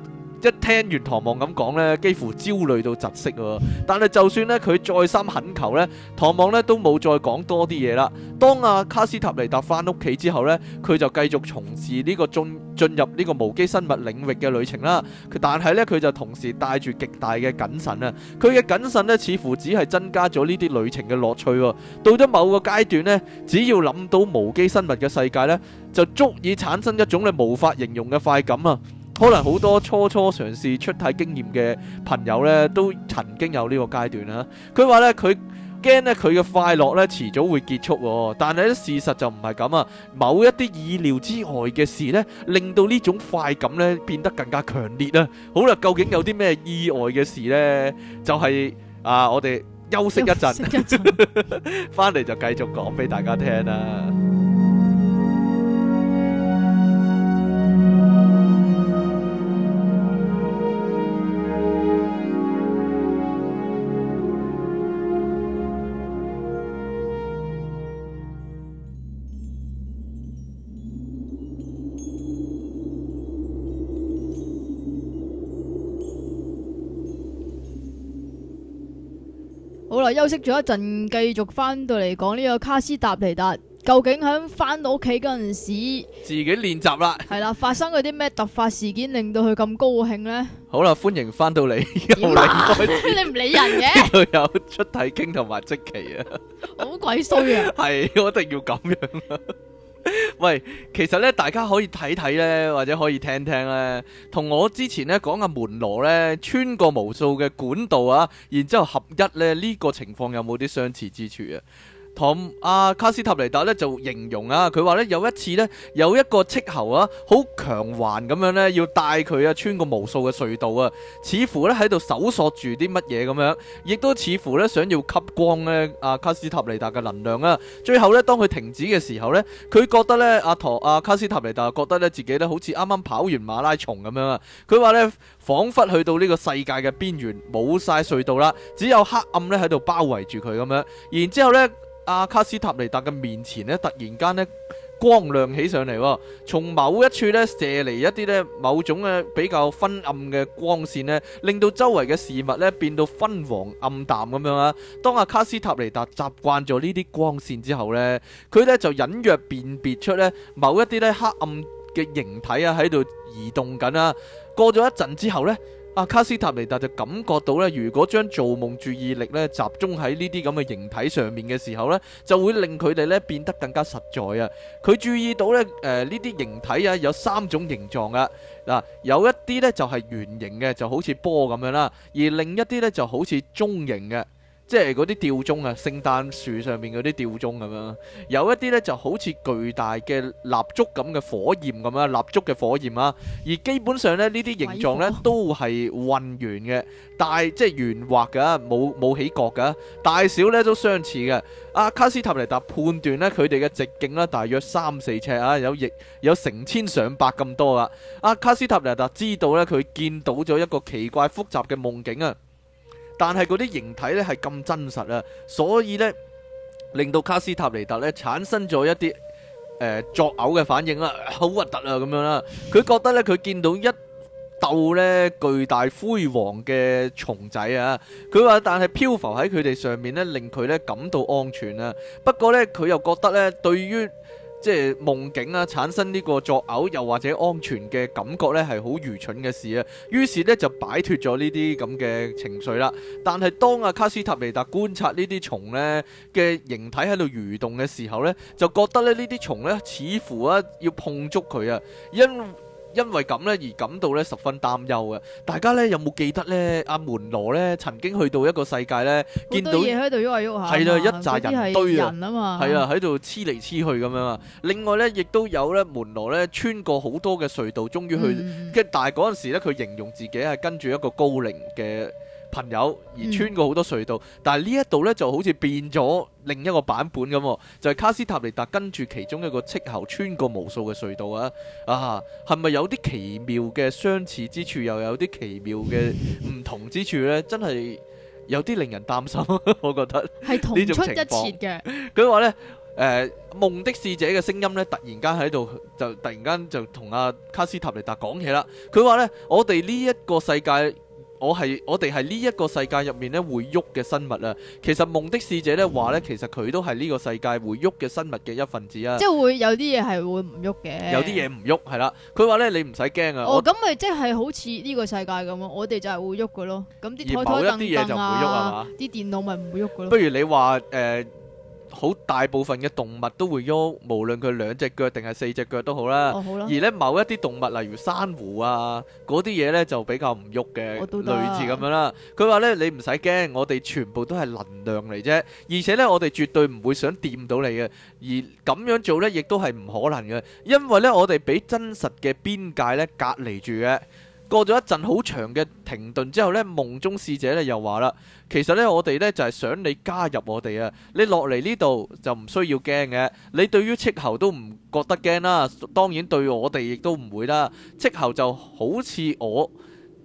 一聽完唐望咁講呢，幾乎焦慮到窒息喎。但係就算呢，佢再三懇求呢，唐望呢都冇再講多啲嘢啦。當阿卡斯塔尼達翻屋企之後呢，佢就繼續從事呢個進進入呢個無機生物領域嘅旅程啦。但係呢，佢就同時帶住極大嘅謹慎啊。佢嘅謹慎呢，似乎只係增加咗呢啲旅程嘅樂趣。到咗某個階段呢，只要諗到無機生物嘅世界呢，就足以產生一種你無法形容嘅快感啊！可能好多初初嘗試出體經驗嘅朋友呢，都曾經有呢個階段啦。佢話呢，佢驚呢，佢嘅快樂呢遲早會結束。但係呢，事實就唔係咁啊。某一啲意料之外嘅事呢，令到呢種快感呢變得更加強烈啊。好啦，究竟有啲咩意外嘅事呢？就係啊，我哋休息一陣，翻嚟就繼續講俾大家聽啊。休息咗一陣，繼續翻到嚟，講呢個卡斯達尼達，究竟喺翻到屋企嗰陣時，自己練習啦。係啦，發生嗰啲咩突發事件令到佢咁高興咧？好啦，歡迎翻到嚟，你唔 理人嘅，啊， 有出體經同埋即期啊， 好鬼衰啊，係 我一定要咁樣，啊。喂，其實咧，大家可以睇睇咧，或者可以聽聽咧，同我之前咧講嘅門羅咧穿過無數嘅管道啊，然之後合一咧呢個情況有冇啲相似之處啊？阿、啊、卡斯塔尼達咧就形容啊，佢話咧有一次呢，有一個斥候啊，好強橫咁樣呢，要帶佢啊穿過無數嘅隧道啊，似乎咧喺度搜索住啲乜嘢咁樣，亦都似乎咧想要吸光呢、啊、阿卡斯塔尼達嘅能量啊。最後呢，當佢停止嘅時候呢，佢覺得呢，阿陀阿卡斯塔尼達覺得呢自己呢好似啱啱跑完馬拉松咁樣啊。佢話呢，彷彿去到呢個世界嘅邊緣，冇晒隧道啦，只有黑暗咧喺度包圍住佢咁樣，然之後呢。阿、啊、卡斯塔尼達嘅面前呢，突然間呢光亮起上嚟、哦，從某一處呢射嚟一啲呢某種嘅比較昏暗嘅光線呢，令到周圍嘅事物呢變到昏黃暗淡咁樣啊。當阿、啊、卡斯塔尼達習慣咗呢啲光線之後呢，佢呢就隱約辨別出呢某一啲呢黑暗嘅形體啊喺度移動緊啊。過咗一陣之後呢。阿、啊、卡斯塔尼達就感覺到咧，如果將做夢注意力咧集中喺呢啲咁嘅形體上面嘅時候咧，就會令佢哋咧變得更加實在啊！佢注意到咧，誒呢啲形體啊有三種形狀噶，嗱有一啲咧就係圓形嘅，就好似波咁樣啦；而另一啲咧就好似中形嘅。即係嗰啲吊鐘啊，聖誕樹上面嗰啲吊鐘咁樣，有一啲呢就好似巨大嘅蠟燭咁嘅火焰咁樣，蠟燭嘅火焰啊，而基本上呢，狀呢啲形狀呢都係混圓嘅，但係即係圓滑噶，啊，冇冇起角噶，啊，大小呢都相似嘅。阿，啊、卡斯塔尼達判斷呢，佢哋嘅直徑呢大約三四尺啊，有亦有成千上百咁多啊。阿，啊、卡斯塔尼達知道呢，佢見到咗一個奇怪複雜嘅夢境啊。但係嗰啲形體呢係咁真實啊，所以呢令到卡斯塔尼達呢產生咗一啲誒作嘔嘅反應啦，好核突啊咁樣啦，佢覺得呢佢見到一竇呢巨大灰黃嘅蟲仔啊，佢話但係漂浮喺佢哋上面呢令佢呢感到安全啊，不過呢佢又覺得呢對於。即係夢境啦、啊，產生呢個作嘔，又或者安全嘅感覺咧，係好愚蠢嘅事啊。於是呢，就擺脫咗呢啲咁嘅情緒啦。但係當阿卡斯塔尼達觀察蟲呢啲蟲呢嘅形體喺度蠕動嘅時候呢，就覺得咧呢啲蟲呢似乎啊要碰觸佢啊，因。因為咁呢，而感到呢十分擔憂嘅，大家呢有冇記得呢？阿、啊、門羅呢曾經去到一個世界呢見到好多嘢喺度喐下喐下，係啦，一紮人堆人啊，係啊，喺度黐嚟黐去咁樣啊。另外呢，亦都有呢門羅呢穿過好多嘅隧道，終於去，跟、嗯、但係嗰陣時呢，佢形容自己係跟住一個高靈嘅。朋友而穿過好多隧道，嗯、但係呢一度呢就好似變咗另一個版本咁，就係、是、卡斯塔尼達跟住其中一個赤猴穿過無數嘅隧道啊！啊，係咪有啲奇妙嘅相似之處又有啲奇妙嘅唔同之處呢？真係有啲令人擔心， 我覺得係同出一轍嘅 情。佢 話呢，誒、呃，夢的使者嘅聲音呢，突然間喺度，就突然間就同阿、啊、卡斯塔尼達講起啦。佢話呢，我哋呢一個世界。我係我哋係呢一個世界入面咧會喐嘅生物啊，其實夢的使者咧話咧，嗯、其實佢都係呢個世界會喐嘅生物嘅一份子啊。即係會有啲嘢係會唔喐嘅。有啲嘢唔喐係啦，佢話咧，你唔使驚啊。哦，咁咪即係好似呢個世界咁啊，我哋吧就係會喐嘅咯。咁啲台台凳凳啊，啲嘢就唔會喐係嘛，啲電腦咪唔會喐嘅咯。不如你話誒？呃好大部分嘅動物都會喐，無論佢兩隻腳定係四隻腳都好啦。哦、好而呢某一啲動物，例如珊瑚啊，嗰啲嘢呢，就比較唔喐嘅，啊、類似咁樣啦。佢話呢：「你唔使驚，我哋全部都係能量嚟啫，而且呢，我哋絕對唔會想掂到你嘅，而咁樣做呢，亦都係唔可能嘅，因為呢，我哋俾真實嘅邊界呢隔離住嘅。過咗一陣好長嘅停頓之後呢夢中使者咧又話啦：其實呢，我哋呢就係想你加入我哋啊！你落嚟呢度就唔需要驚嘅。你對於斥候都唔覺得驚啦，當然對我哋亦都唔會啦。斥候就好似我。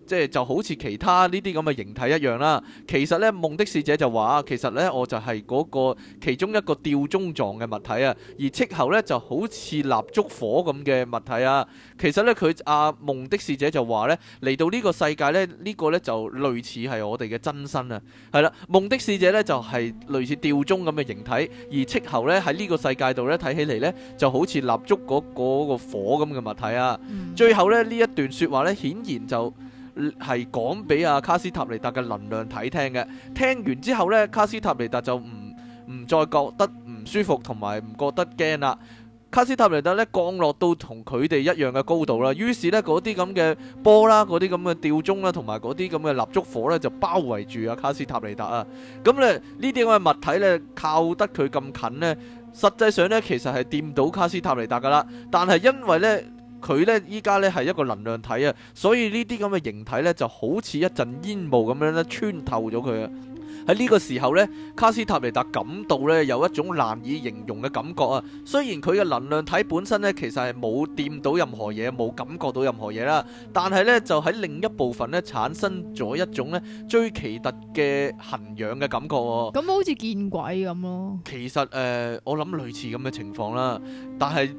即係就好似其他呢啲咁嘅形體一樣啦。其實呢，夢的使者就話其實呢，我就係嗰個其中一個吊鐘狀嘅物體啊。而斥候呢，就好似蠟燭火咁嘅物體啊。其實呢，佢啊夢的使者就話呢嚟到呢個世界呢，呢、呢個呢就類似係我哋嘅真身啊。係啦，夢的使者呢就係、是、類似吊鐘咁嘅形體，而斥候呢，喺呢個世界度呢，睇起嚟呢就好似蠟燭嗰個火咁嘅物體啊。嗯、最後呢，呢一段説話呢，顯然就係講俾阿卡斯塔尼達嘅能量體聽嘅，聽完之後呢，卡斯塔尼達就唔唔再覺得唔舒服同埋唔覺得驚啦。卡斯塔尼達呢降落到同佢哋一樣嘅高度啦，於是呢，嗰啲咁嘅波啦，嗰啲咁嘅吊鐘啦，同埋嗰啲咁嘅蠟燭火呢，就包圍住阿卡斯塔尼達啊。咁呢呢啲咁嘅物體呢，靠得佢咁近呢，實際上呢，其實係掂到卡斯塔尼達噶啦，但係因為呢。佢呢，依家呢，係一個能量體啊，所以呢啲咁嘅形體呢，就好似一陣煙霧咁樣咧穿透咗佢啊！喺呢個時候呢，卡斯塔尼達感到呢，有一種難以形容嘅感覺啊！雖然佢嘅能量體本身呢，其實係冇掂到任何嘢，冇感覺到任何嘢啦，但係呢，就喺另一部分呢，產生咗一種呢，最奇特嘅痕癢嘅感覺喎。咁好似見鬼咁咯。其實誒、呃，我諗類似咁嘅情況啦，但係。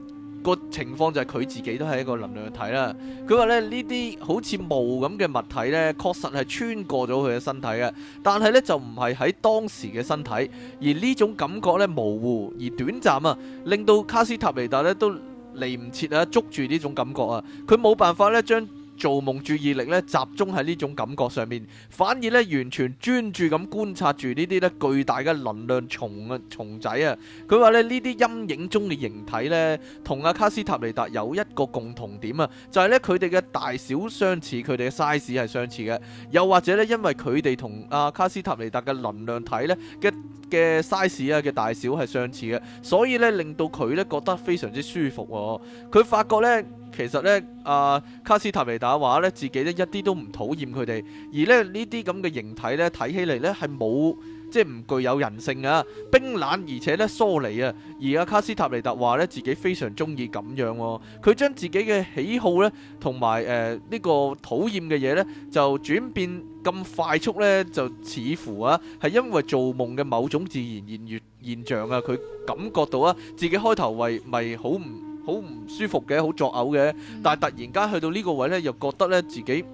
個情況就係佢自己都係一個能量體啦。佢話咧，呢啲好似霧咁嘅物體呢，確實係穿過咗佢嘅身體嘅，但係呢就唔係喺當時嘅身體，而呢種感覺呢，模糊而短暫啊，令到卡斯塔尼達呢都嚟唔切啊捉住呢種感覺啊，佢冇辦法呢將。做夢注意力咧集中喺呢種感覺上面，反而咧完全專注咁觀察住呢啲咧巨大嘅能量蟲啊蟲仔啊。佢話咧呢啲陰影中嘅形體咧，同阿卡斯塔尼達有一個共同點啊，就係咧佢哋嘅大小相似，佢哋嘅 size 係相似嘅。又或者咧，因為佢哋同阿卡斯塔尼達嘅能量體咧嘅嘅 size 啊嘅大小係相似嘅，所以咧令到佢咧覺得非常之舒服喎。佢發覺咧。其實咧，啊卡斯塔尼達話咧，自己咧一啲都唔討厭佢哋，而咧呢啲咁嘅形體咧，睇起嚟咧係冇即係唔具有人性啊，冰冷而且咧疏離啊。而啊卡斯塔尼達話咧，自己非常鍾意咁樣，佢將自己嘅喜好咧同埋誒呢個討厭嘅嘢咧，就轉變咁快速咧，就似乎啊係因為做夢嘅某種自然現現現象啊，佢感覺到啊自己開頭為咪好唔？好唔舒服嘅，好作嘔嘅，但係突然間去到呢個位呢，又覺得呢自己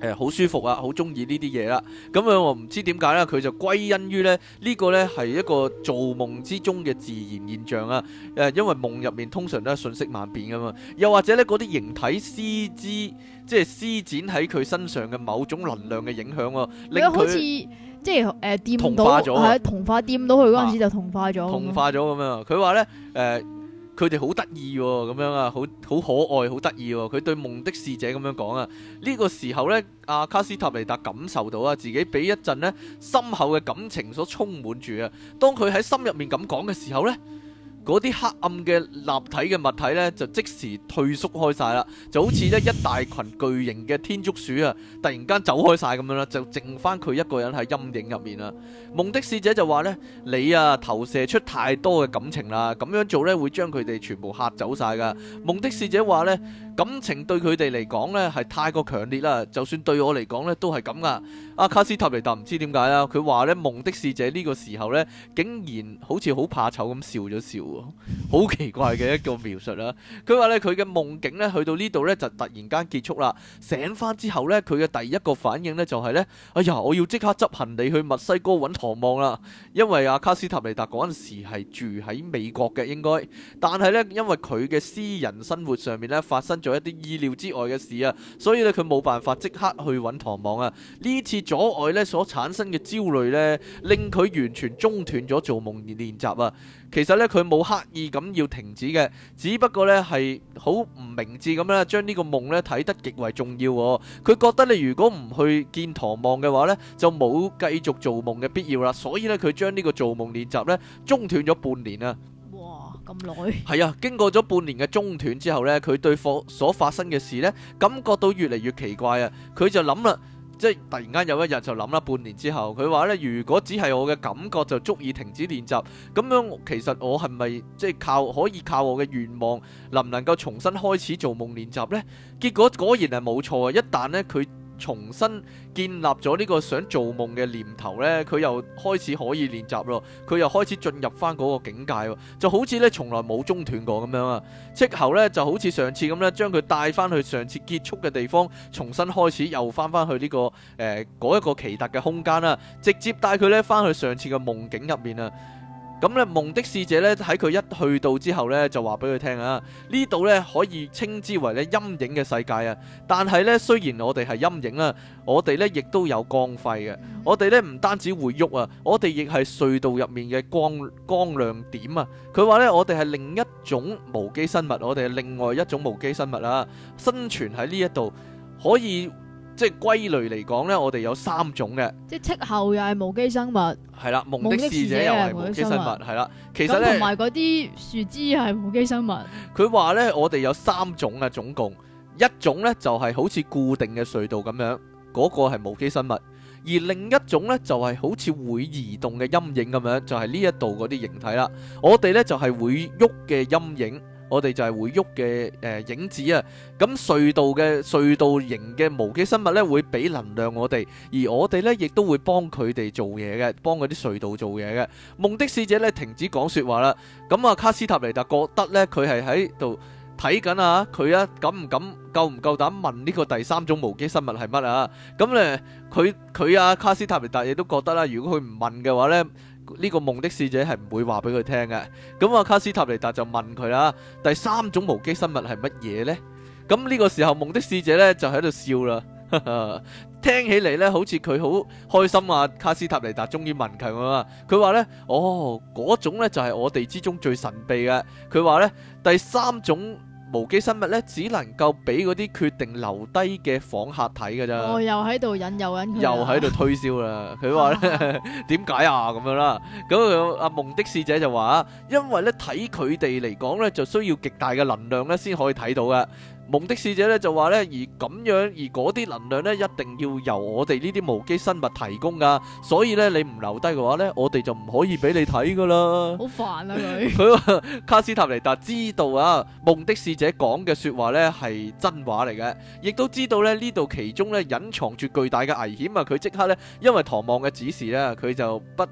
誒好，呃、舒服啊，好中意呢啲嘢啦。咁，嗯、樣，嗯、我唔知點解呢，佢就歸因於咧呢、這個呢，係一個做夢之中嘅自然現象啊。誒、呃，因為夢入面通常都係瞬息萬變噶嘛，又或者呢嗰啲形體，四肢即係施展喺佢身上嘅某種能量嘅影響，你好似即係誒，同化咗，係同化掂到佢嗰陣時就同化咗，同化咗咁樣。佢話呢。誒、呃。佢哋好得意喎，咁樣啊，好好可愛，好得意喎。佢對夢的使者咁樣講啊，呢個時候呢，阿卡斯塔尼達感受到啊，自己俾一陣呢深厚嘅感情所充滿住啊。當佢喺心入面咁講嘅時候呢，嗰啲黑暗嘅立體嘅物體呢，就即時退縮開晒啦，就好似一一大群巨型嘅天竺鼠啊，突然間走開晒咁樣啦，就剩翻佢一個人喺陰影入面啦。夢的使者就話呢，你啊，投射出太多嘅感情啦，咁樣做呢會將佢哋全部嚇走晒噶。夢的使者話呢。」感情對佢哋嚟講呢係太過強烈啦，就算對我嚟講呢都係咁噶。阿卡斯塔尼達唔知點解啦，佢話呢：「夢的使者呢個時候呢，竟然好似好怕醜咁笑咗笑，好奇怪嘅一個描述啦。佢話呢，佢嘅夢境呢去到呢度呢就突然間結束啦，醒翻之後呢，佢嘅第一個反應呢就係呢：「哎呀，我要即刻執行你去墨西哥揾唐望啦，因為阿卡斯塔尼達嗰陣時係住喺美國嘅應該，但係呢，因為佢嘅私人生活上面呢發生。做一啲意料之外嘅事啊，所以咧佢冇辦法即刻去揾唐望啊。呢次阻礙咧所產生嘅焦慮呢，令佢完全中斷咗做夢練習啊。其實呢，佢冇刻意咁要停止嘅，只不過呢，係好唔明智咁啦，將呢個夢呢睇得極為重要。佢覺得你如果唔去見唐望嘅話呢，就冇繼續做夢嘅必要啦。所以呢，佢將呢個做夢練習呢，中斷咗半年啊。咁耐係啊！經過咗半年嘅中斷之後呢，佢對所所發生嘅事呢，感覺到越嚟越奇怪啊！佢就諗啦，即係突然間有一日就諗啦，半年之後佢話呢：「如果只係我嘅感覺就足以停止練習，咁樣其實我係咪即係靠可以靠我嘅願望能唔能夠重新開始做夢練習呢？結果果然係冇錯啊！一旦呢，佢。重新建立咗呢個想做夢嘅念頭呢，佢又開始可以練習咯，佢又開始進入翻嗰個境界，就好似呢從來冇中斷過咁樣啊！即後呢，就好似上次咁呢，將佢帶翻去上次結束嘅地方，重新開始又翻翻去呢，這個誒嗰、呃、一個奇特嘅空間啦，直接帶佢呢翻去上次嘅夢境入面啊！咁咧，夢的使者咧喺佢一去到之後咧，就話俾佢聽啊，呢度咧可以稱之為咧陰影嘅世界啊。但係咧，雖然我哋係陰影啦，我哋咧亦都有光輝嘅。我哋咧唔單止會喐啊，我哋亦係隧道入面嘅光光亮點啊。佢話咧，我哋係另一種無機生物，我哋係另外一種無機生物啦，生存喺呢一度可以。即係歸類嚟講咧，我哋有三種嘅。即係斥候又係無機生物，係啦，夢的使者又係無機生物，係啦。其實咧，同埋嗰啲樹枝係無機生物。佢話咧，我哋有三種啊，總共一種咧就係好似固定嘅隧道咁樣，嗰個係無機生物；而另一種咧就係好似會移動嘅陰影咁樣，就係呢一度嗰啲形體啦。我哋咧就係會喐嘅陰影。我哋就係會喐嘅誒影子啊！咁隧道嘅隧道型嘅無機生物咧，會俾能量我哋，而我哋咧亦都會幫佢哋做嘢嘅，幫嗰啲隧道做嘢嘅。夢的使者咧停止講説話啦！咁啊，卡斯塔尼達覺得咧，佢係喺度睇緊啊！佢啊，敢唔敢夠唔夠膽問呢個第三種無機生物係乜啊？咁咧，佢佢啊，卡斯塔尼達亦都覺得啦，如果佢唔問嘅話咧。呢個夢的使者係唔會話俾佢聽嘅，咁阿卡斯塔尼達就問佢啦，「第三種無機生物係乜嘢呢？」咁呢個時候夢的使者咧就喺度笑啦，呵呵，聽起嚟咧好似佢好開心啊！卡斯塔尼達終於問佢啦，佢話咧，哦，嗰種咧就係我哋之中最神秘嘅，佢話咧第三種。無機生物咧，只能夠俾嗰啲決定留低嘅訪客睇嘅咋？我又喺度引誘緊。又喺度推銷啦！佢話咧，點解啊？咁樣啦。咁阿夢的使者就話，因為咧睇佢哋嚟講咧，就需要極大嘅能量咧，先可以睇到嘅。夢的使者咧就話咧，而咁樣而嗰啲能量咧一定要由我哋呢啲無機生物提供噶，所以咧你唔留低嘅話咧，我哋就唔可以俾你睇噶啦。好煩啊佢！佢話 卡斯塔尼達知道啊夢的使者講嘅說話咧係真話嚟嘅，亦都知道咧呢度其中咧隱藏住巨大嘅危險啊！佢即刻咧因為唐望嘅指示咧，佢就不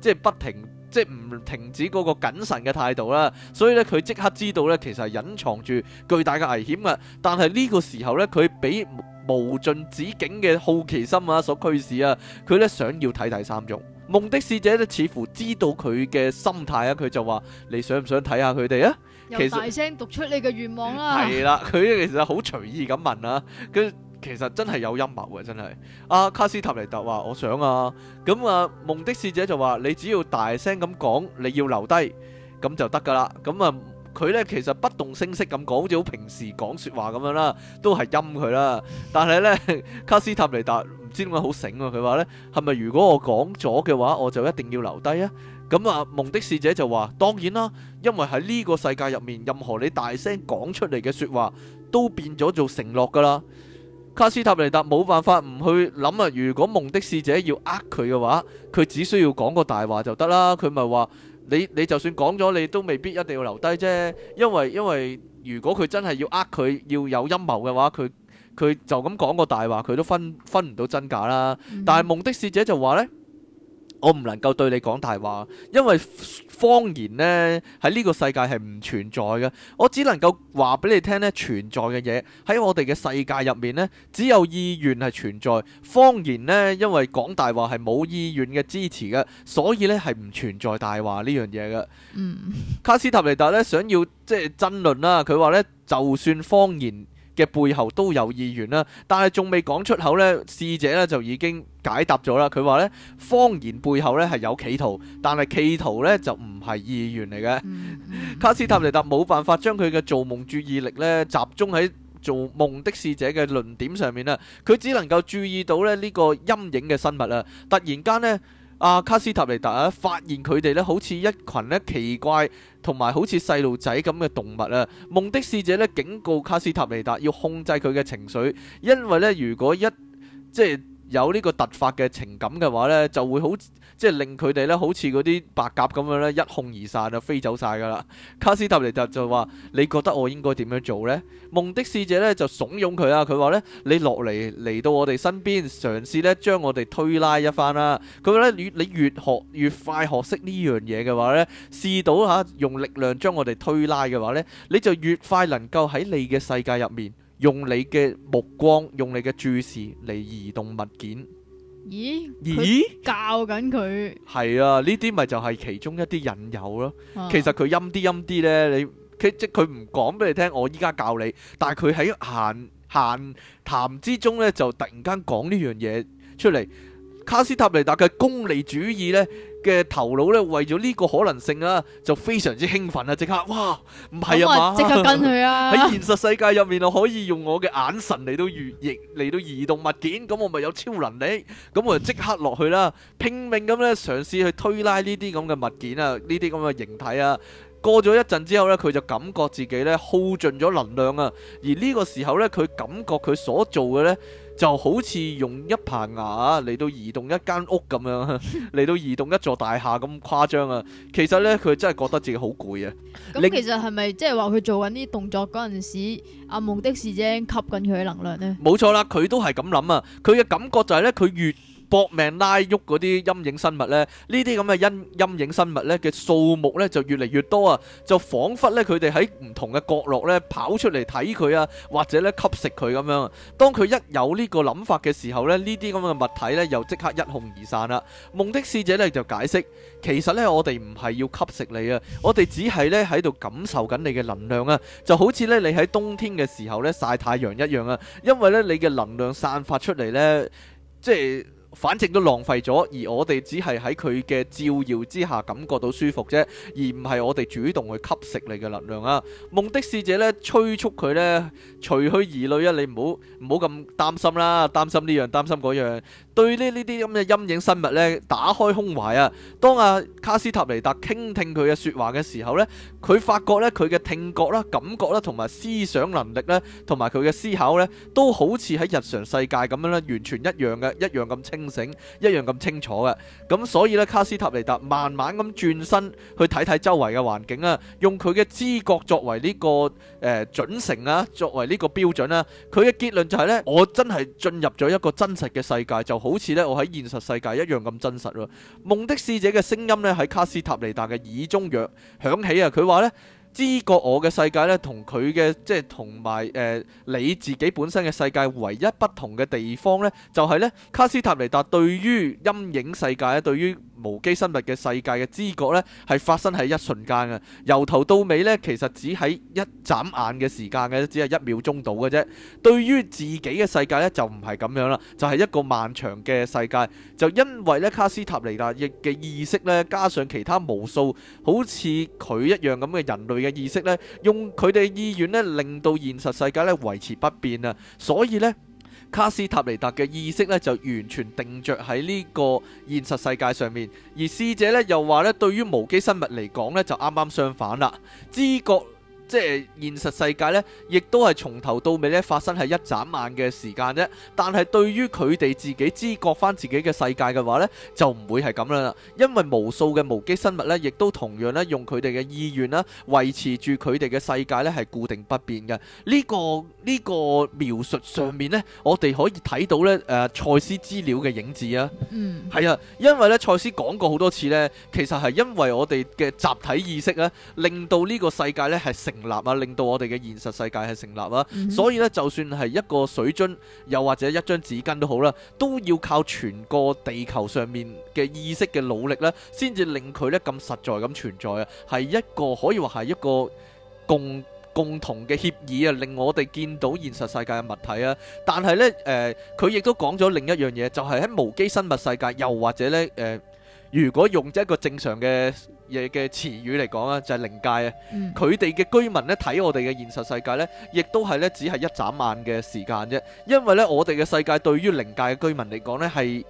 即係、就是、不停。即係唔停止嗰個謹慎嘅態度啦，所以咧佢即刻知道咧其實係隱藏住巨大嘅危險嘅。但係呢個時候咧，佢俾無盡止境嘅好奇心啊所驅使啊，佢咧想要睇睇三種夢的使者咧，似乎知道佢嘅心態啊，佢就話：你想唔想睇下佢哋啊？又大聲讀出你嘅願望啦、啊。係啦，佢其實好隨意咁問啊。其實真係有陰謀㗎，真係阿卡斯塔尼達話：我想啊，咁啊，夢的使者就話，你只要大聲咁講，你要留低，咁就得㗎啦。咁啊，佢呢其實不動聲色咁講，好似好平時講説話咁樣啦，都係陰佢啦。但係呢，卡斯塔尼達唔知點解好醒啊，佢話呢，係咪如果我講咗嘅話，我就一定要留低啊？咁啊，夢的使者就話，當然啦，因為喺呢個世界入面，任何你大聲講出嚟嘅説話都變咗做承諾㗎啦。卡斯塔尼達冇辦法唔去諗啊，如果夢的使者要呃佢嘅話，佢只需要講個大話就得啦。佢咪話，你你就算講咗，你都未必一定要留低啫。因為因為如果佢真係要呃佢要有陰謀嘅話，佢佢就咁講個大話，佢都分分唔到真假啦。但係夢的使者就話咧，我唔能夠對你講大話，因為謊言呢喺呢個世界係唔存在嘅。我只能夠話俾你聽咧，存在嘅嘢喺我哋嘅世界入面呢，只有意願係存在。謊言呢，因為講大話係冇意願嘅支持嘅，所以呢係唔存在大話呢樣嘢嘅。嗯，卡斯塔尼達呢想要即係爭論啦，啊，佢話呢就算謊言嘅背後都有意願啦，但係仲未講出口呢，侍者呢就已經。解答咗啦，佢話咧，謊言背後咧係有企圖，但係企圖咧就唔係意願嚟嘅。卡斯塔尼達冇辦法將佢嘅做夢注意力咧集中喺做夢的使者嘅論點上面啊，佢只能夠注意到咧呢個陰影嘅生物啊。突然間咧，阿卡斯塔尼達啊，發現佢哋咧好似一羣咧奇怪同埋好似細路仔咁嘅動物啊。夢的使者咧警告卡斯塔尼達要控制佢嘅情緒，因為咧如果一即係。有呢個突發嘅情感嘅話呢，就會、就是、好即係令佢哋呢好似嗰啲白鴿咁樣呢，一哄而散就飛走晒㗎啦。卡斯達尼特就話：你覺得我應該點樣做呢？夢的使者呢，就慫恿佢啊，佢話呢，「你落嚟嚟到我哋身邊，嘗試呢將我哋推拉一番啦。佢話呢，你「你越學越快學識呢樣嘢嘅話呢，試到嚇、啊、用力量將我哋推拉嘅話呢，你就越快能夠喺你嘅世界入面。用你嘅目光，用你嘅注視嚟移動物件。咦？咦？教緊佢。係啊，呢啲咪就係其中一啲引誘咯。其實佢陰啲陰啲呢，你佢即係佢唔講俾你聽，我依家教你。但係佢喺閒閒談之中呢，就突然間講呢樣嘢出嚟。卡斯塔尼達嘅功利主義呢。嘅頭腦咧，為咗呢個可能性啊，就非常之興奮啊！即刻哇，唔係啊嘛，即刻跟佢啊！喺現實世界入面，我可以用我嘅眼神嚟到移嚟到移動物件，咁我咪有超能力，咁我就即刻落去啦，拼命咁咧嘗試去推拉呢啲咁嘅物件啊，呢啲咁嘅形體啊。過咗一陣之後咧，佢就感覺自己咧耗盡咗能量啊，而呢個時候咧，佢感覺佢所做嘅咧。就好似用一排牙嚟到移動一間屋咁樣，嚟 到移動一座大廈咁誇張啊！其實呢，佢真係覺得自己好攰啊！咁 你 其實係咪即係話佢做緊啲動作嗰陣時，阿夢的使者吸緊佢嘅能量呢？冇錯啦，佢都係咁諗啊！佢嘅感覺就係呢，佢越。搏命拉喐嗰啲陰影生物呢，呢啲咁嘅陰陰影生物呢，嘅數目呢就越嚟越多啊！就彷彿呢，佢哋喺唔同嘅角落呢跑出嚟睇佢啊，或者呢吸食佢咁樣。當佢一有呢個諗法嘅時候呢，呢啲咁嘅物體呢又即刻一哄而散啦。夢的使者呢，就解釋，其實呢，我哋唔係要吸食你啊，我哋只係呢喺度感受緊你嘅能量啊，就好似呢，你喺冬天嘅時候呢曬太陽一樣啊，因為呢，你嘅能量散發出嚟呢，即係。反正都浪費咗，而我哋只係喺佢嘅照耀之下感覺到舒服啫，而唔係我哋主動去吸食你嘅能量啊！夢的使者呢，催促佢呢，除去疑慮啊，你唔好唔好咁擔心啦，擔心呢樣擔心嗰樣。對呢呢啲咁嘅陰影生物咧，打開胸懷啊！當阿卡斯塔尼達傾聽佢嘅說話嘅時候咧，佢發覺咧佢嘅聽覺啦、感覺啦，同埋思想能力咧，同埋佢嘅思考咧，都好似喺日常世界咁樣咧，完全一樣嘅，一樣咁清醒，一樣咁清楚嘅。咁所以咧，卡斯塔尼達慢慢咁轉身去睇睇周圍嘅環境啊，用佢嘅知覺作為呢個誒準繩啊，作為呢個標準啦。佢嘅結論就係咧，我真係進入咗一個真實嘅世界就好。好似咧，我喺現實世界一樣咁真實咯。夢的使者嘅聲音咧，喺卡斯塔尼達嘅耳中若響起啊！佢話呢，知覺我嘅世界呢，同佢嘅即係同埋誒你自己本身嘅世界唯一不同嘅地方呢，就係呢。卡斯塔尼達對於陰影世界咧，對於。無機生物嘅世界嘅知覺呢，係發生喺一瞬間嘅，由頭到尾呢，其實只喺一眨眼嘅時間嘅，只係一秒鐘到嘅啫。對於自己嘅世界呢，就唔係咁樣啦，就係一個漫長嘅世界。就因為呢卡斯塔尼達嘅意識呢，加上其他無數好似佢一樣咁嘅人類嘅意識呢，用佢哋意願呢，令到現實世界呢維持不變啊，所以呢。卡斯塔尼達嘅意識咧就完全定着喺呢個現實世界上面，而使者咧又話咧，對於無機生物嚟講咧就啱啱相反啦，知覺。即係現實世界呢，亦都係從頭到尾呢發生係一眨眼嘅時間啫。但係對於佢哋自己知覺翻自己嘅世界嘅話呢，就唔會係咁樣啦。因為無數嘅無機生物呢，亦都同樣呢用佢哋嘅意願啦，維持住佢哋嘅世界呢，係固定不變嘅。呢個呢個描述上面呢，我哋可以睇到呢，誒賽斯資料嘅影子啊。嗯。係啊，因為呢賽斯講過好多次呢，其實係因為我哋嘅集體意識呢，令到呢個世界呢，係成。成立啊，令到我哋嘅現實世界係成立，所以呢，就算係一個水樽，又或者一張紙巾都好啦，都要靠全個地球上面嘅意識嘅努力呢，先至令佢呢咁實在咁存在，係一個，可以話，係一個共共同嘅協議，令我哋見到現實世界嘅物體，但係呢，呃，佢亦都講咗另一樣嘢，就係喺無機生物世界，又或者呢，呃，如果用一個正常嘅嘢嘅詞語嚟講啊，就係靈界啊。佢哋嘅居民咧睇我哋嘅現實世界咧，亦都係咧只係一眨眼嘅時間啫。因為咧我哋嘅世界對於靈界嘅居民嚟講咧係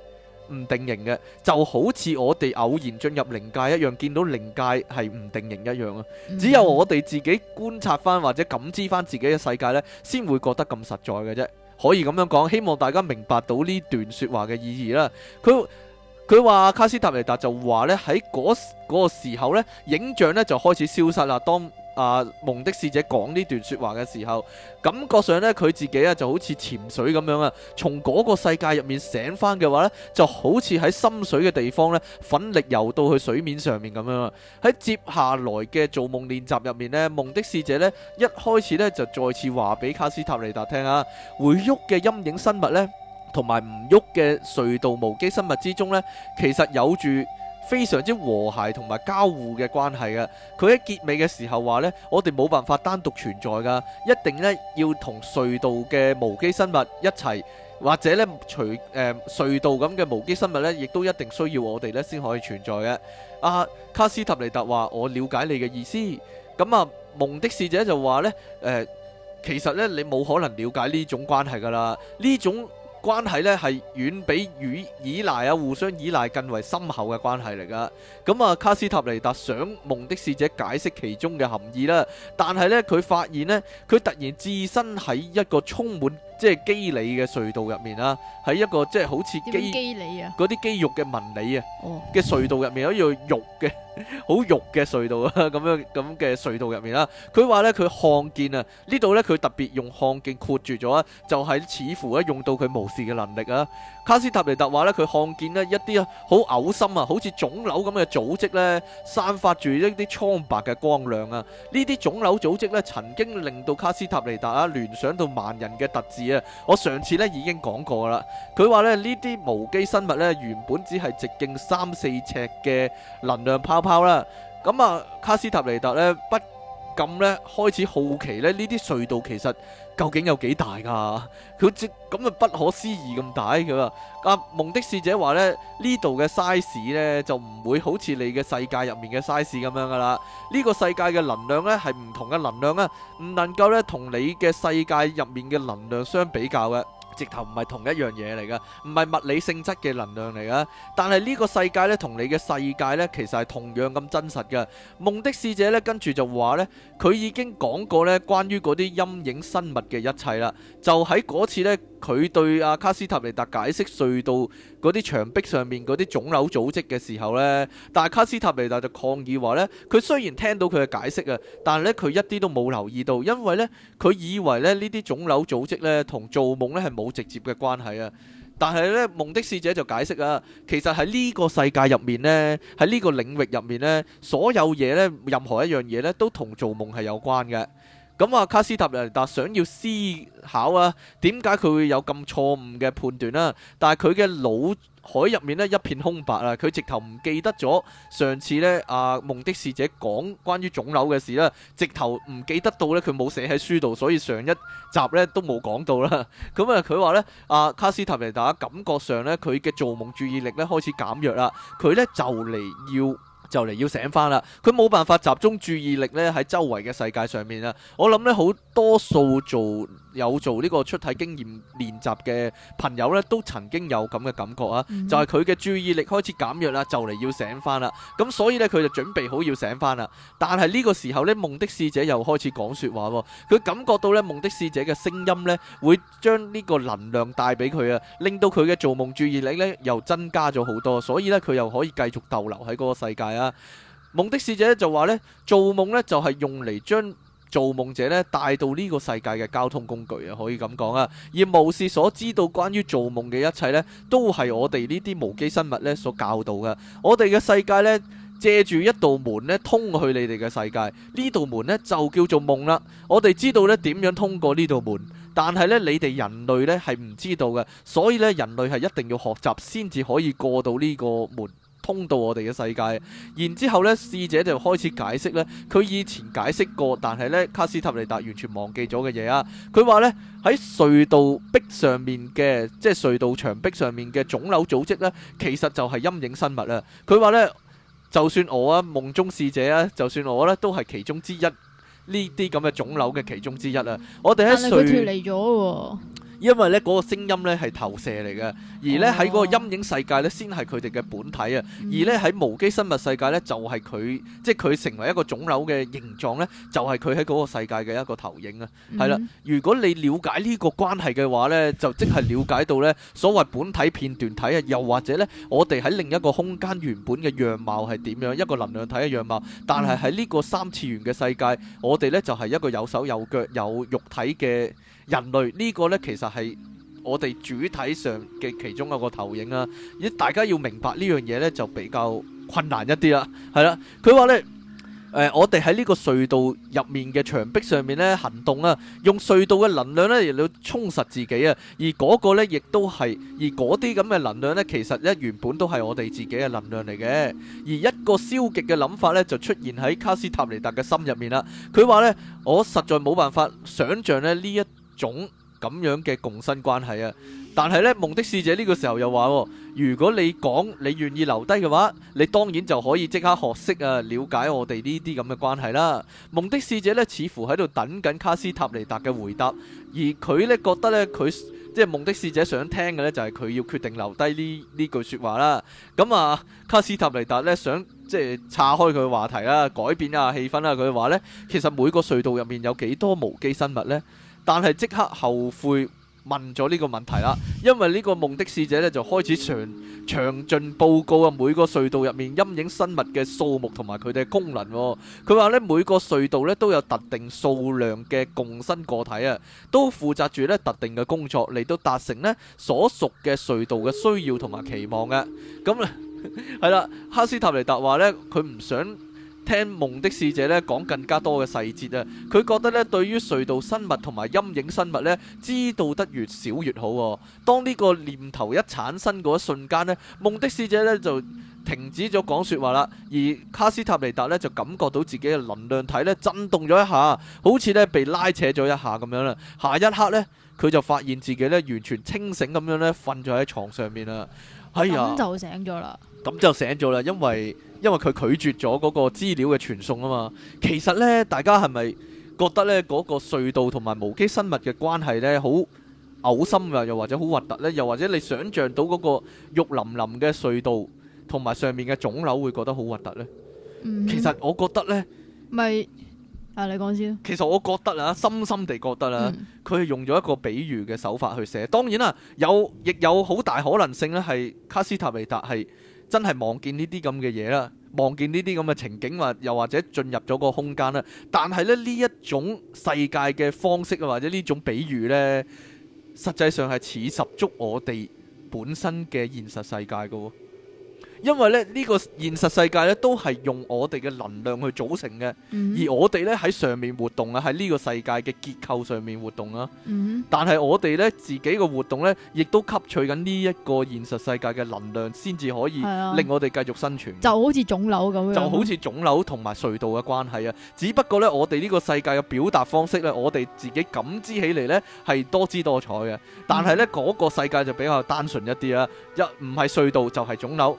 唔定型嘅，就好似我哋偶然進入靈界一樣，見到靈界係唔定型一樣啊。只有我哋自己觀察翻或者感知翻自己嘅世界咧，先會覺得咁實在嘅啫。可以咁樣講，希望大家明白到呢段説話嘅意義啦。佢。佢話卡斯塔尼達就話呢，喺嗰嗰個時候呢，影像呢就開始消失啦。當啊夢的使者講呢段説話嘅時候，感覺上呢，佢自己啊就好似潛水咁樣啊，從嗰個世界入面醒翻嘅話呢，就好似喺深水嘅地方呢，奮力游到去水面上面咁樣啊。喺接下來嘅做夢練習入面呢，夢的使者呢，一開始呢，就再次話俾卡斯塔尼達聽啊，回憶嘅陰影生物呢。」同埋唔喐嘅隧道無機生物之中咧，其實有住非常之和諧同埋交互嘅關係嘅。佢喺結尾嘅時候話咧，我哋冇辦法單獨存在噶，一定咧要同隧道嘅無機生物一齊，或者咧隨誒隧道咁嘅無機生物咧，亦都一定需要我哋咧先可以存在嘅。阿卡斯塔尼特話：我了解你嘅意思。咁啊，蒙的使者就話咧：誒，其實咧你冇可能了解呢種關係噶啦，呢種。.關係呢係遠比與依賴、啊互相依賴更為深厚嘅關係嚟㗎。咁啊，卡斯塔尼達想夢的使者解釋其中嘅含義啦，但係呢，佢發現呢，佢突然置身喺一個充滿即係肌理嘅隧道入面啦，啊，喺一個即係好似肌肌理啊，嗰啲肌肉嘅紋理啊嘅，oh. 隧道入面有一個，好似肉嘅。好 肉嘅隧道啊，咁樣咁嘅隧道入面啦，佢話呢，佢看見啊呢度呢，佢特別用看見括住咗啊，就係、是、似乎咧用到佢無視嘅能力啊。卡斯塔尼達話呢，佢看見呢，一啲好嘔心啊，好似腫瘤咁嘅組織呢，散發住一啲蒼白嘅光亮啊。呢啲腫瘤組織呢，曾經令到卡斯塔尼達啊聯想到萬人嘅特質啊。我上次呢，已經講過啦，佢話呢，呢啲無機生物呢，原本只係直徑三四尺嘅能量泡。炮啦，咁啊，卡斯塔尼達咧不禁咧開始好奇咧，呢啲隧道其實究竟有幾大噶？佢好似咁啊不可思議咁大嘅。啊，夢的使者話咧呢度嘅 size 咧就唔會好似你嘅世界入面嘅 size 咁樣噶啦。呢個世界嘅能量咧係唔同嘅能量啊，唔能夠咧同你嘅世界入面嘅能量相比較嘅。直頭唔係同一樣嘢嚟噶，唔係物理性質嘅能量嚟噶，但係呢個世界呢，同你嘅世界呢，其實係同樣咁真實噶。夢的使者呢，跟住就話呢，佢已經講過呢關於嗰啲陰影生物嘅一切啦，就喺嗰次呢。佢對阿卡斯塔尼達解釋隧道嗰啲牆壁上面嗰啲腫瘤組織嘅時候呢，但係卡斯塔尼達就抗議話呢，佢雖然聽到佢嘅解釋啊，但係呢佢一啲都冇留意到，因為呢佢以為呢呢啲腫瘤組織呢同做夢呢係冇直接嘅關係啊。但係呢夢的使者就解釋啊，其實喺呢個世界入面呢，喺呢個領域入面呢，所有嘢呢，任何一樣嘢呢都同做夢係有關嘅。咁啊，卡斯塔尼達想要思考啊，點解佢會有咁錯誤嘅判斷啦？但係佢嘅腦海入面咧一片空白啊！佢直頭唔記得咗上次咧阿夢的使者講關於腫瘤嘅事啦，直頭唔記得到咧佢冇寫喺書度，所以上一集咧都冇講到啦。咁啊，佢話咧阿卡斯塔尼達感覺上咧佢嘅做夢注意力咧開始減弱啦，佢咧就嚟要。就嚟要醒翻啦！佢冇辦法集中注意力咧喺周圍嘅世界上面啊！我諗咧好多數做有做呢個出體經驗練習嘅朋友咧，都曾經有咁嘅感覺啊！就係佢嘅注意力開始減弱啦，就嚟要醒翻啦！咁所以咧，佢就準備好要醒翻啦。但係呢個時候咧，夢的使者又開始講說話喎。佢感覺到咧，夢的使者嘅聲音咧，會將呢個能量帶俾佢啊，令到佢嘅做夢注意力咧又增加咗好多，所以咧佢又可以繼續逗留喺嗰個世界啊！啊！夢的使者就話，呢，做夢呢就係用嚟將做夢者呢帶到呢個世界嘅交通工具啊，可以咁講啊。而無視所知道關於做夢嘅一切呢，都係我哋呢啲無機生物呢所教導嘅。我哋嘅世界呢，借住一道門呢，通去你哋嘅世界，呢道門呢，就叫做夢啦。我哋知道呢點樣通過呢道門，但係呢，你哋人類呢係唔知道嘅，所以呢，人類係一定要學習先至可以過到呢個門。衝到我哋嘅世界，然之後呢，侍者就開始解釋呢佢以前解釋過，但係呢卡斯塔尼達完全忘記咗嘅嘢啊！佢話呢，喺隧道壁上面嘅，即係隧道牆壁上面嘅腫瘤組織呢，其實就係陰影生物啊！佢話呢，就算我啊，夢中侍者啊，就算我咧、啊，都係其中之一呢啲咁嘅腫瘤嘅其中之一啊！我哋喺隧道脱離咗。因為咧嗰個聲音咧係投射嚟嘅，而咧喺嗰個陰影世界咧先係佢哋嘅本體啊，而咧喺無機生物世界咧就係佢，即係佢成為一個腫瘤嘅形狀咧，就係佢喺嗰個世界嘅一個投影啊。係啦，如果你瞭解呢個關係嘅話咧，就即係瞭解到咧所謂本體片段體啊，又或者咧我哋喺另一個空間原本嘅樣貌係點樣一個能量體嘅樣貌，但係喺呢個三次元嘅世界，我哋咧就係一個有手有腳有肉體嘅。人類呢、這個呢，其實係我哋主體上嘅其中一個投影啊。而大家要明白呢樣嘢呢，就比較困難一啲啦。係啦，佢話呢，呃、我哋喺呢個隧道入面嘅牆壁上面呢，行動啊，用隧道嘅能量呢，嚟到充實自己啊。而嗰個呢，亦都係而嗰啲咁嘅能量呢，其實呢，原本都係我哋自己嘅能量嚟嘅。而一個消極嘅諗法呢，就出現喺卡斯塔尼達嘅心入面啦。佢話呢，我實在冇辦法想象咧呢一。種咁樣嘅共生關係啊，但係呢，夢的使者呢個時候又話：，如果你講你願意留低嘅話，你當然就可以即刻學識啊，了解我哋呢啲咁嘅關係啦。夢的使者呢，似乎喺度等緊卡斯塔尼達嘅回答，而佢呢，覺得呢，佢即係夢的使者想聽嘅呢，就係佢要決定留低呢呢句說話啦。咁、嗯、啊，卡斯塔尼達呢，想即係岔開佢話題啦，改變下、啊、氣氛啦、啊。佢話呢，其實每個隧道入面有幾多無機生物呢？但係即刻後悔問咗呢個問題啦，因為呢個夢的使者呢，就開始詳詳盡報告啊，每個隧道入面陰影生物嘅數目同埋佢哋嘅功能、哦。佢話呢，每個隧道呢都有特定數量嘅共生個體啊，都負責住呢特定嘅工作嚟到達成呢所屬嘅隧道嘅需要同埋期望嘅。咁、嗯、啊，係 啦，哈斯塔尼達話呢，佢唔想。聽夢的使者咧講更加多嘅細節啊，佢覺得咧對於隧道生物同埋陰影生物咧，知道得越少越好。當呢個念頭一產生嗰一瞬間咧，夢的使者咧就停止咗講說話啦，而卡斯塔尼達咧就感覺到自己嘅能量體咧震動咗一下，好似咧被拉扯咗一下咁樣啦。下一刻咧，佢就發現自己咧完全清醒咁樣咧瞓咗喺床上面啦，咁、哎呀、就醒咗啦。咁就醒咗啦，因為因為佢拒絕咗嗰個資料嘅傳送啊嘛。其實咧，大家係咪覺得咧嗰個隧道同埋無機生物嘅關係咧好嘔心啊？又或者好核突咧？又或者你想象到嗰個肉淋淋嘅隧道同埋上面嘅腫瘤，會覺得好核突咧？其實我覺得咧，咪啊你講先。其實我覺得啊，深深地覺得啦，佢係用咗一個比喻嘅手法去寫。當然啦，有亦有好大可能性咧，係卡斯塔尼達係真係望見呢啲咁嘅嘢啦，望見呢啲咁嘅情景，或又或者進入咗個空間啦，但係咧呢一種世界嘅方式或者呢種比喻呢，實際上係似十足我哋本身嘅現實世界㗎喎。因為咧呢、這個現實世界咧都係用我哋嘅能量去組成嘅，mm hmm. 而我哋咧喺上面活動啊，喺呢個世界嘅結構上面活動啊。Mm hmm. 但係我哋咧自己嘅活動咧，亦都吸取緊呢一個現實世界嘅能量，先至可以令我哋繼續生存，啊。就好似腫瘤咁樣。就好似腫瘤同埋隧道嘅關係啊！只不過咧，我哋呢個世界嘅表達方式咧，我哋自己感知起嚟咧係多姿多彩嘅，但係咧嗰個世界就比較單純一啲啦，啊。一唔係隧道就係腫瘤。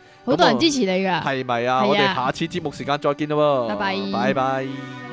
好多人支持你噶，係咪啊？是啊，我哋下次節目時間再見咯，拜拜拜拜。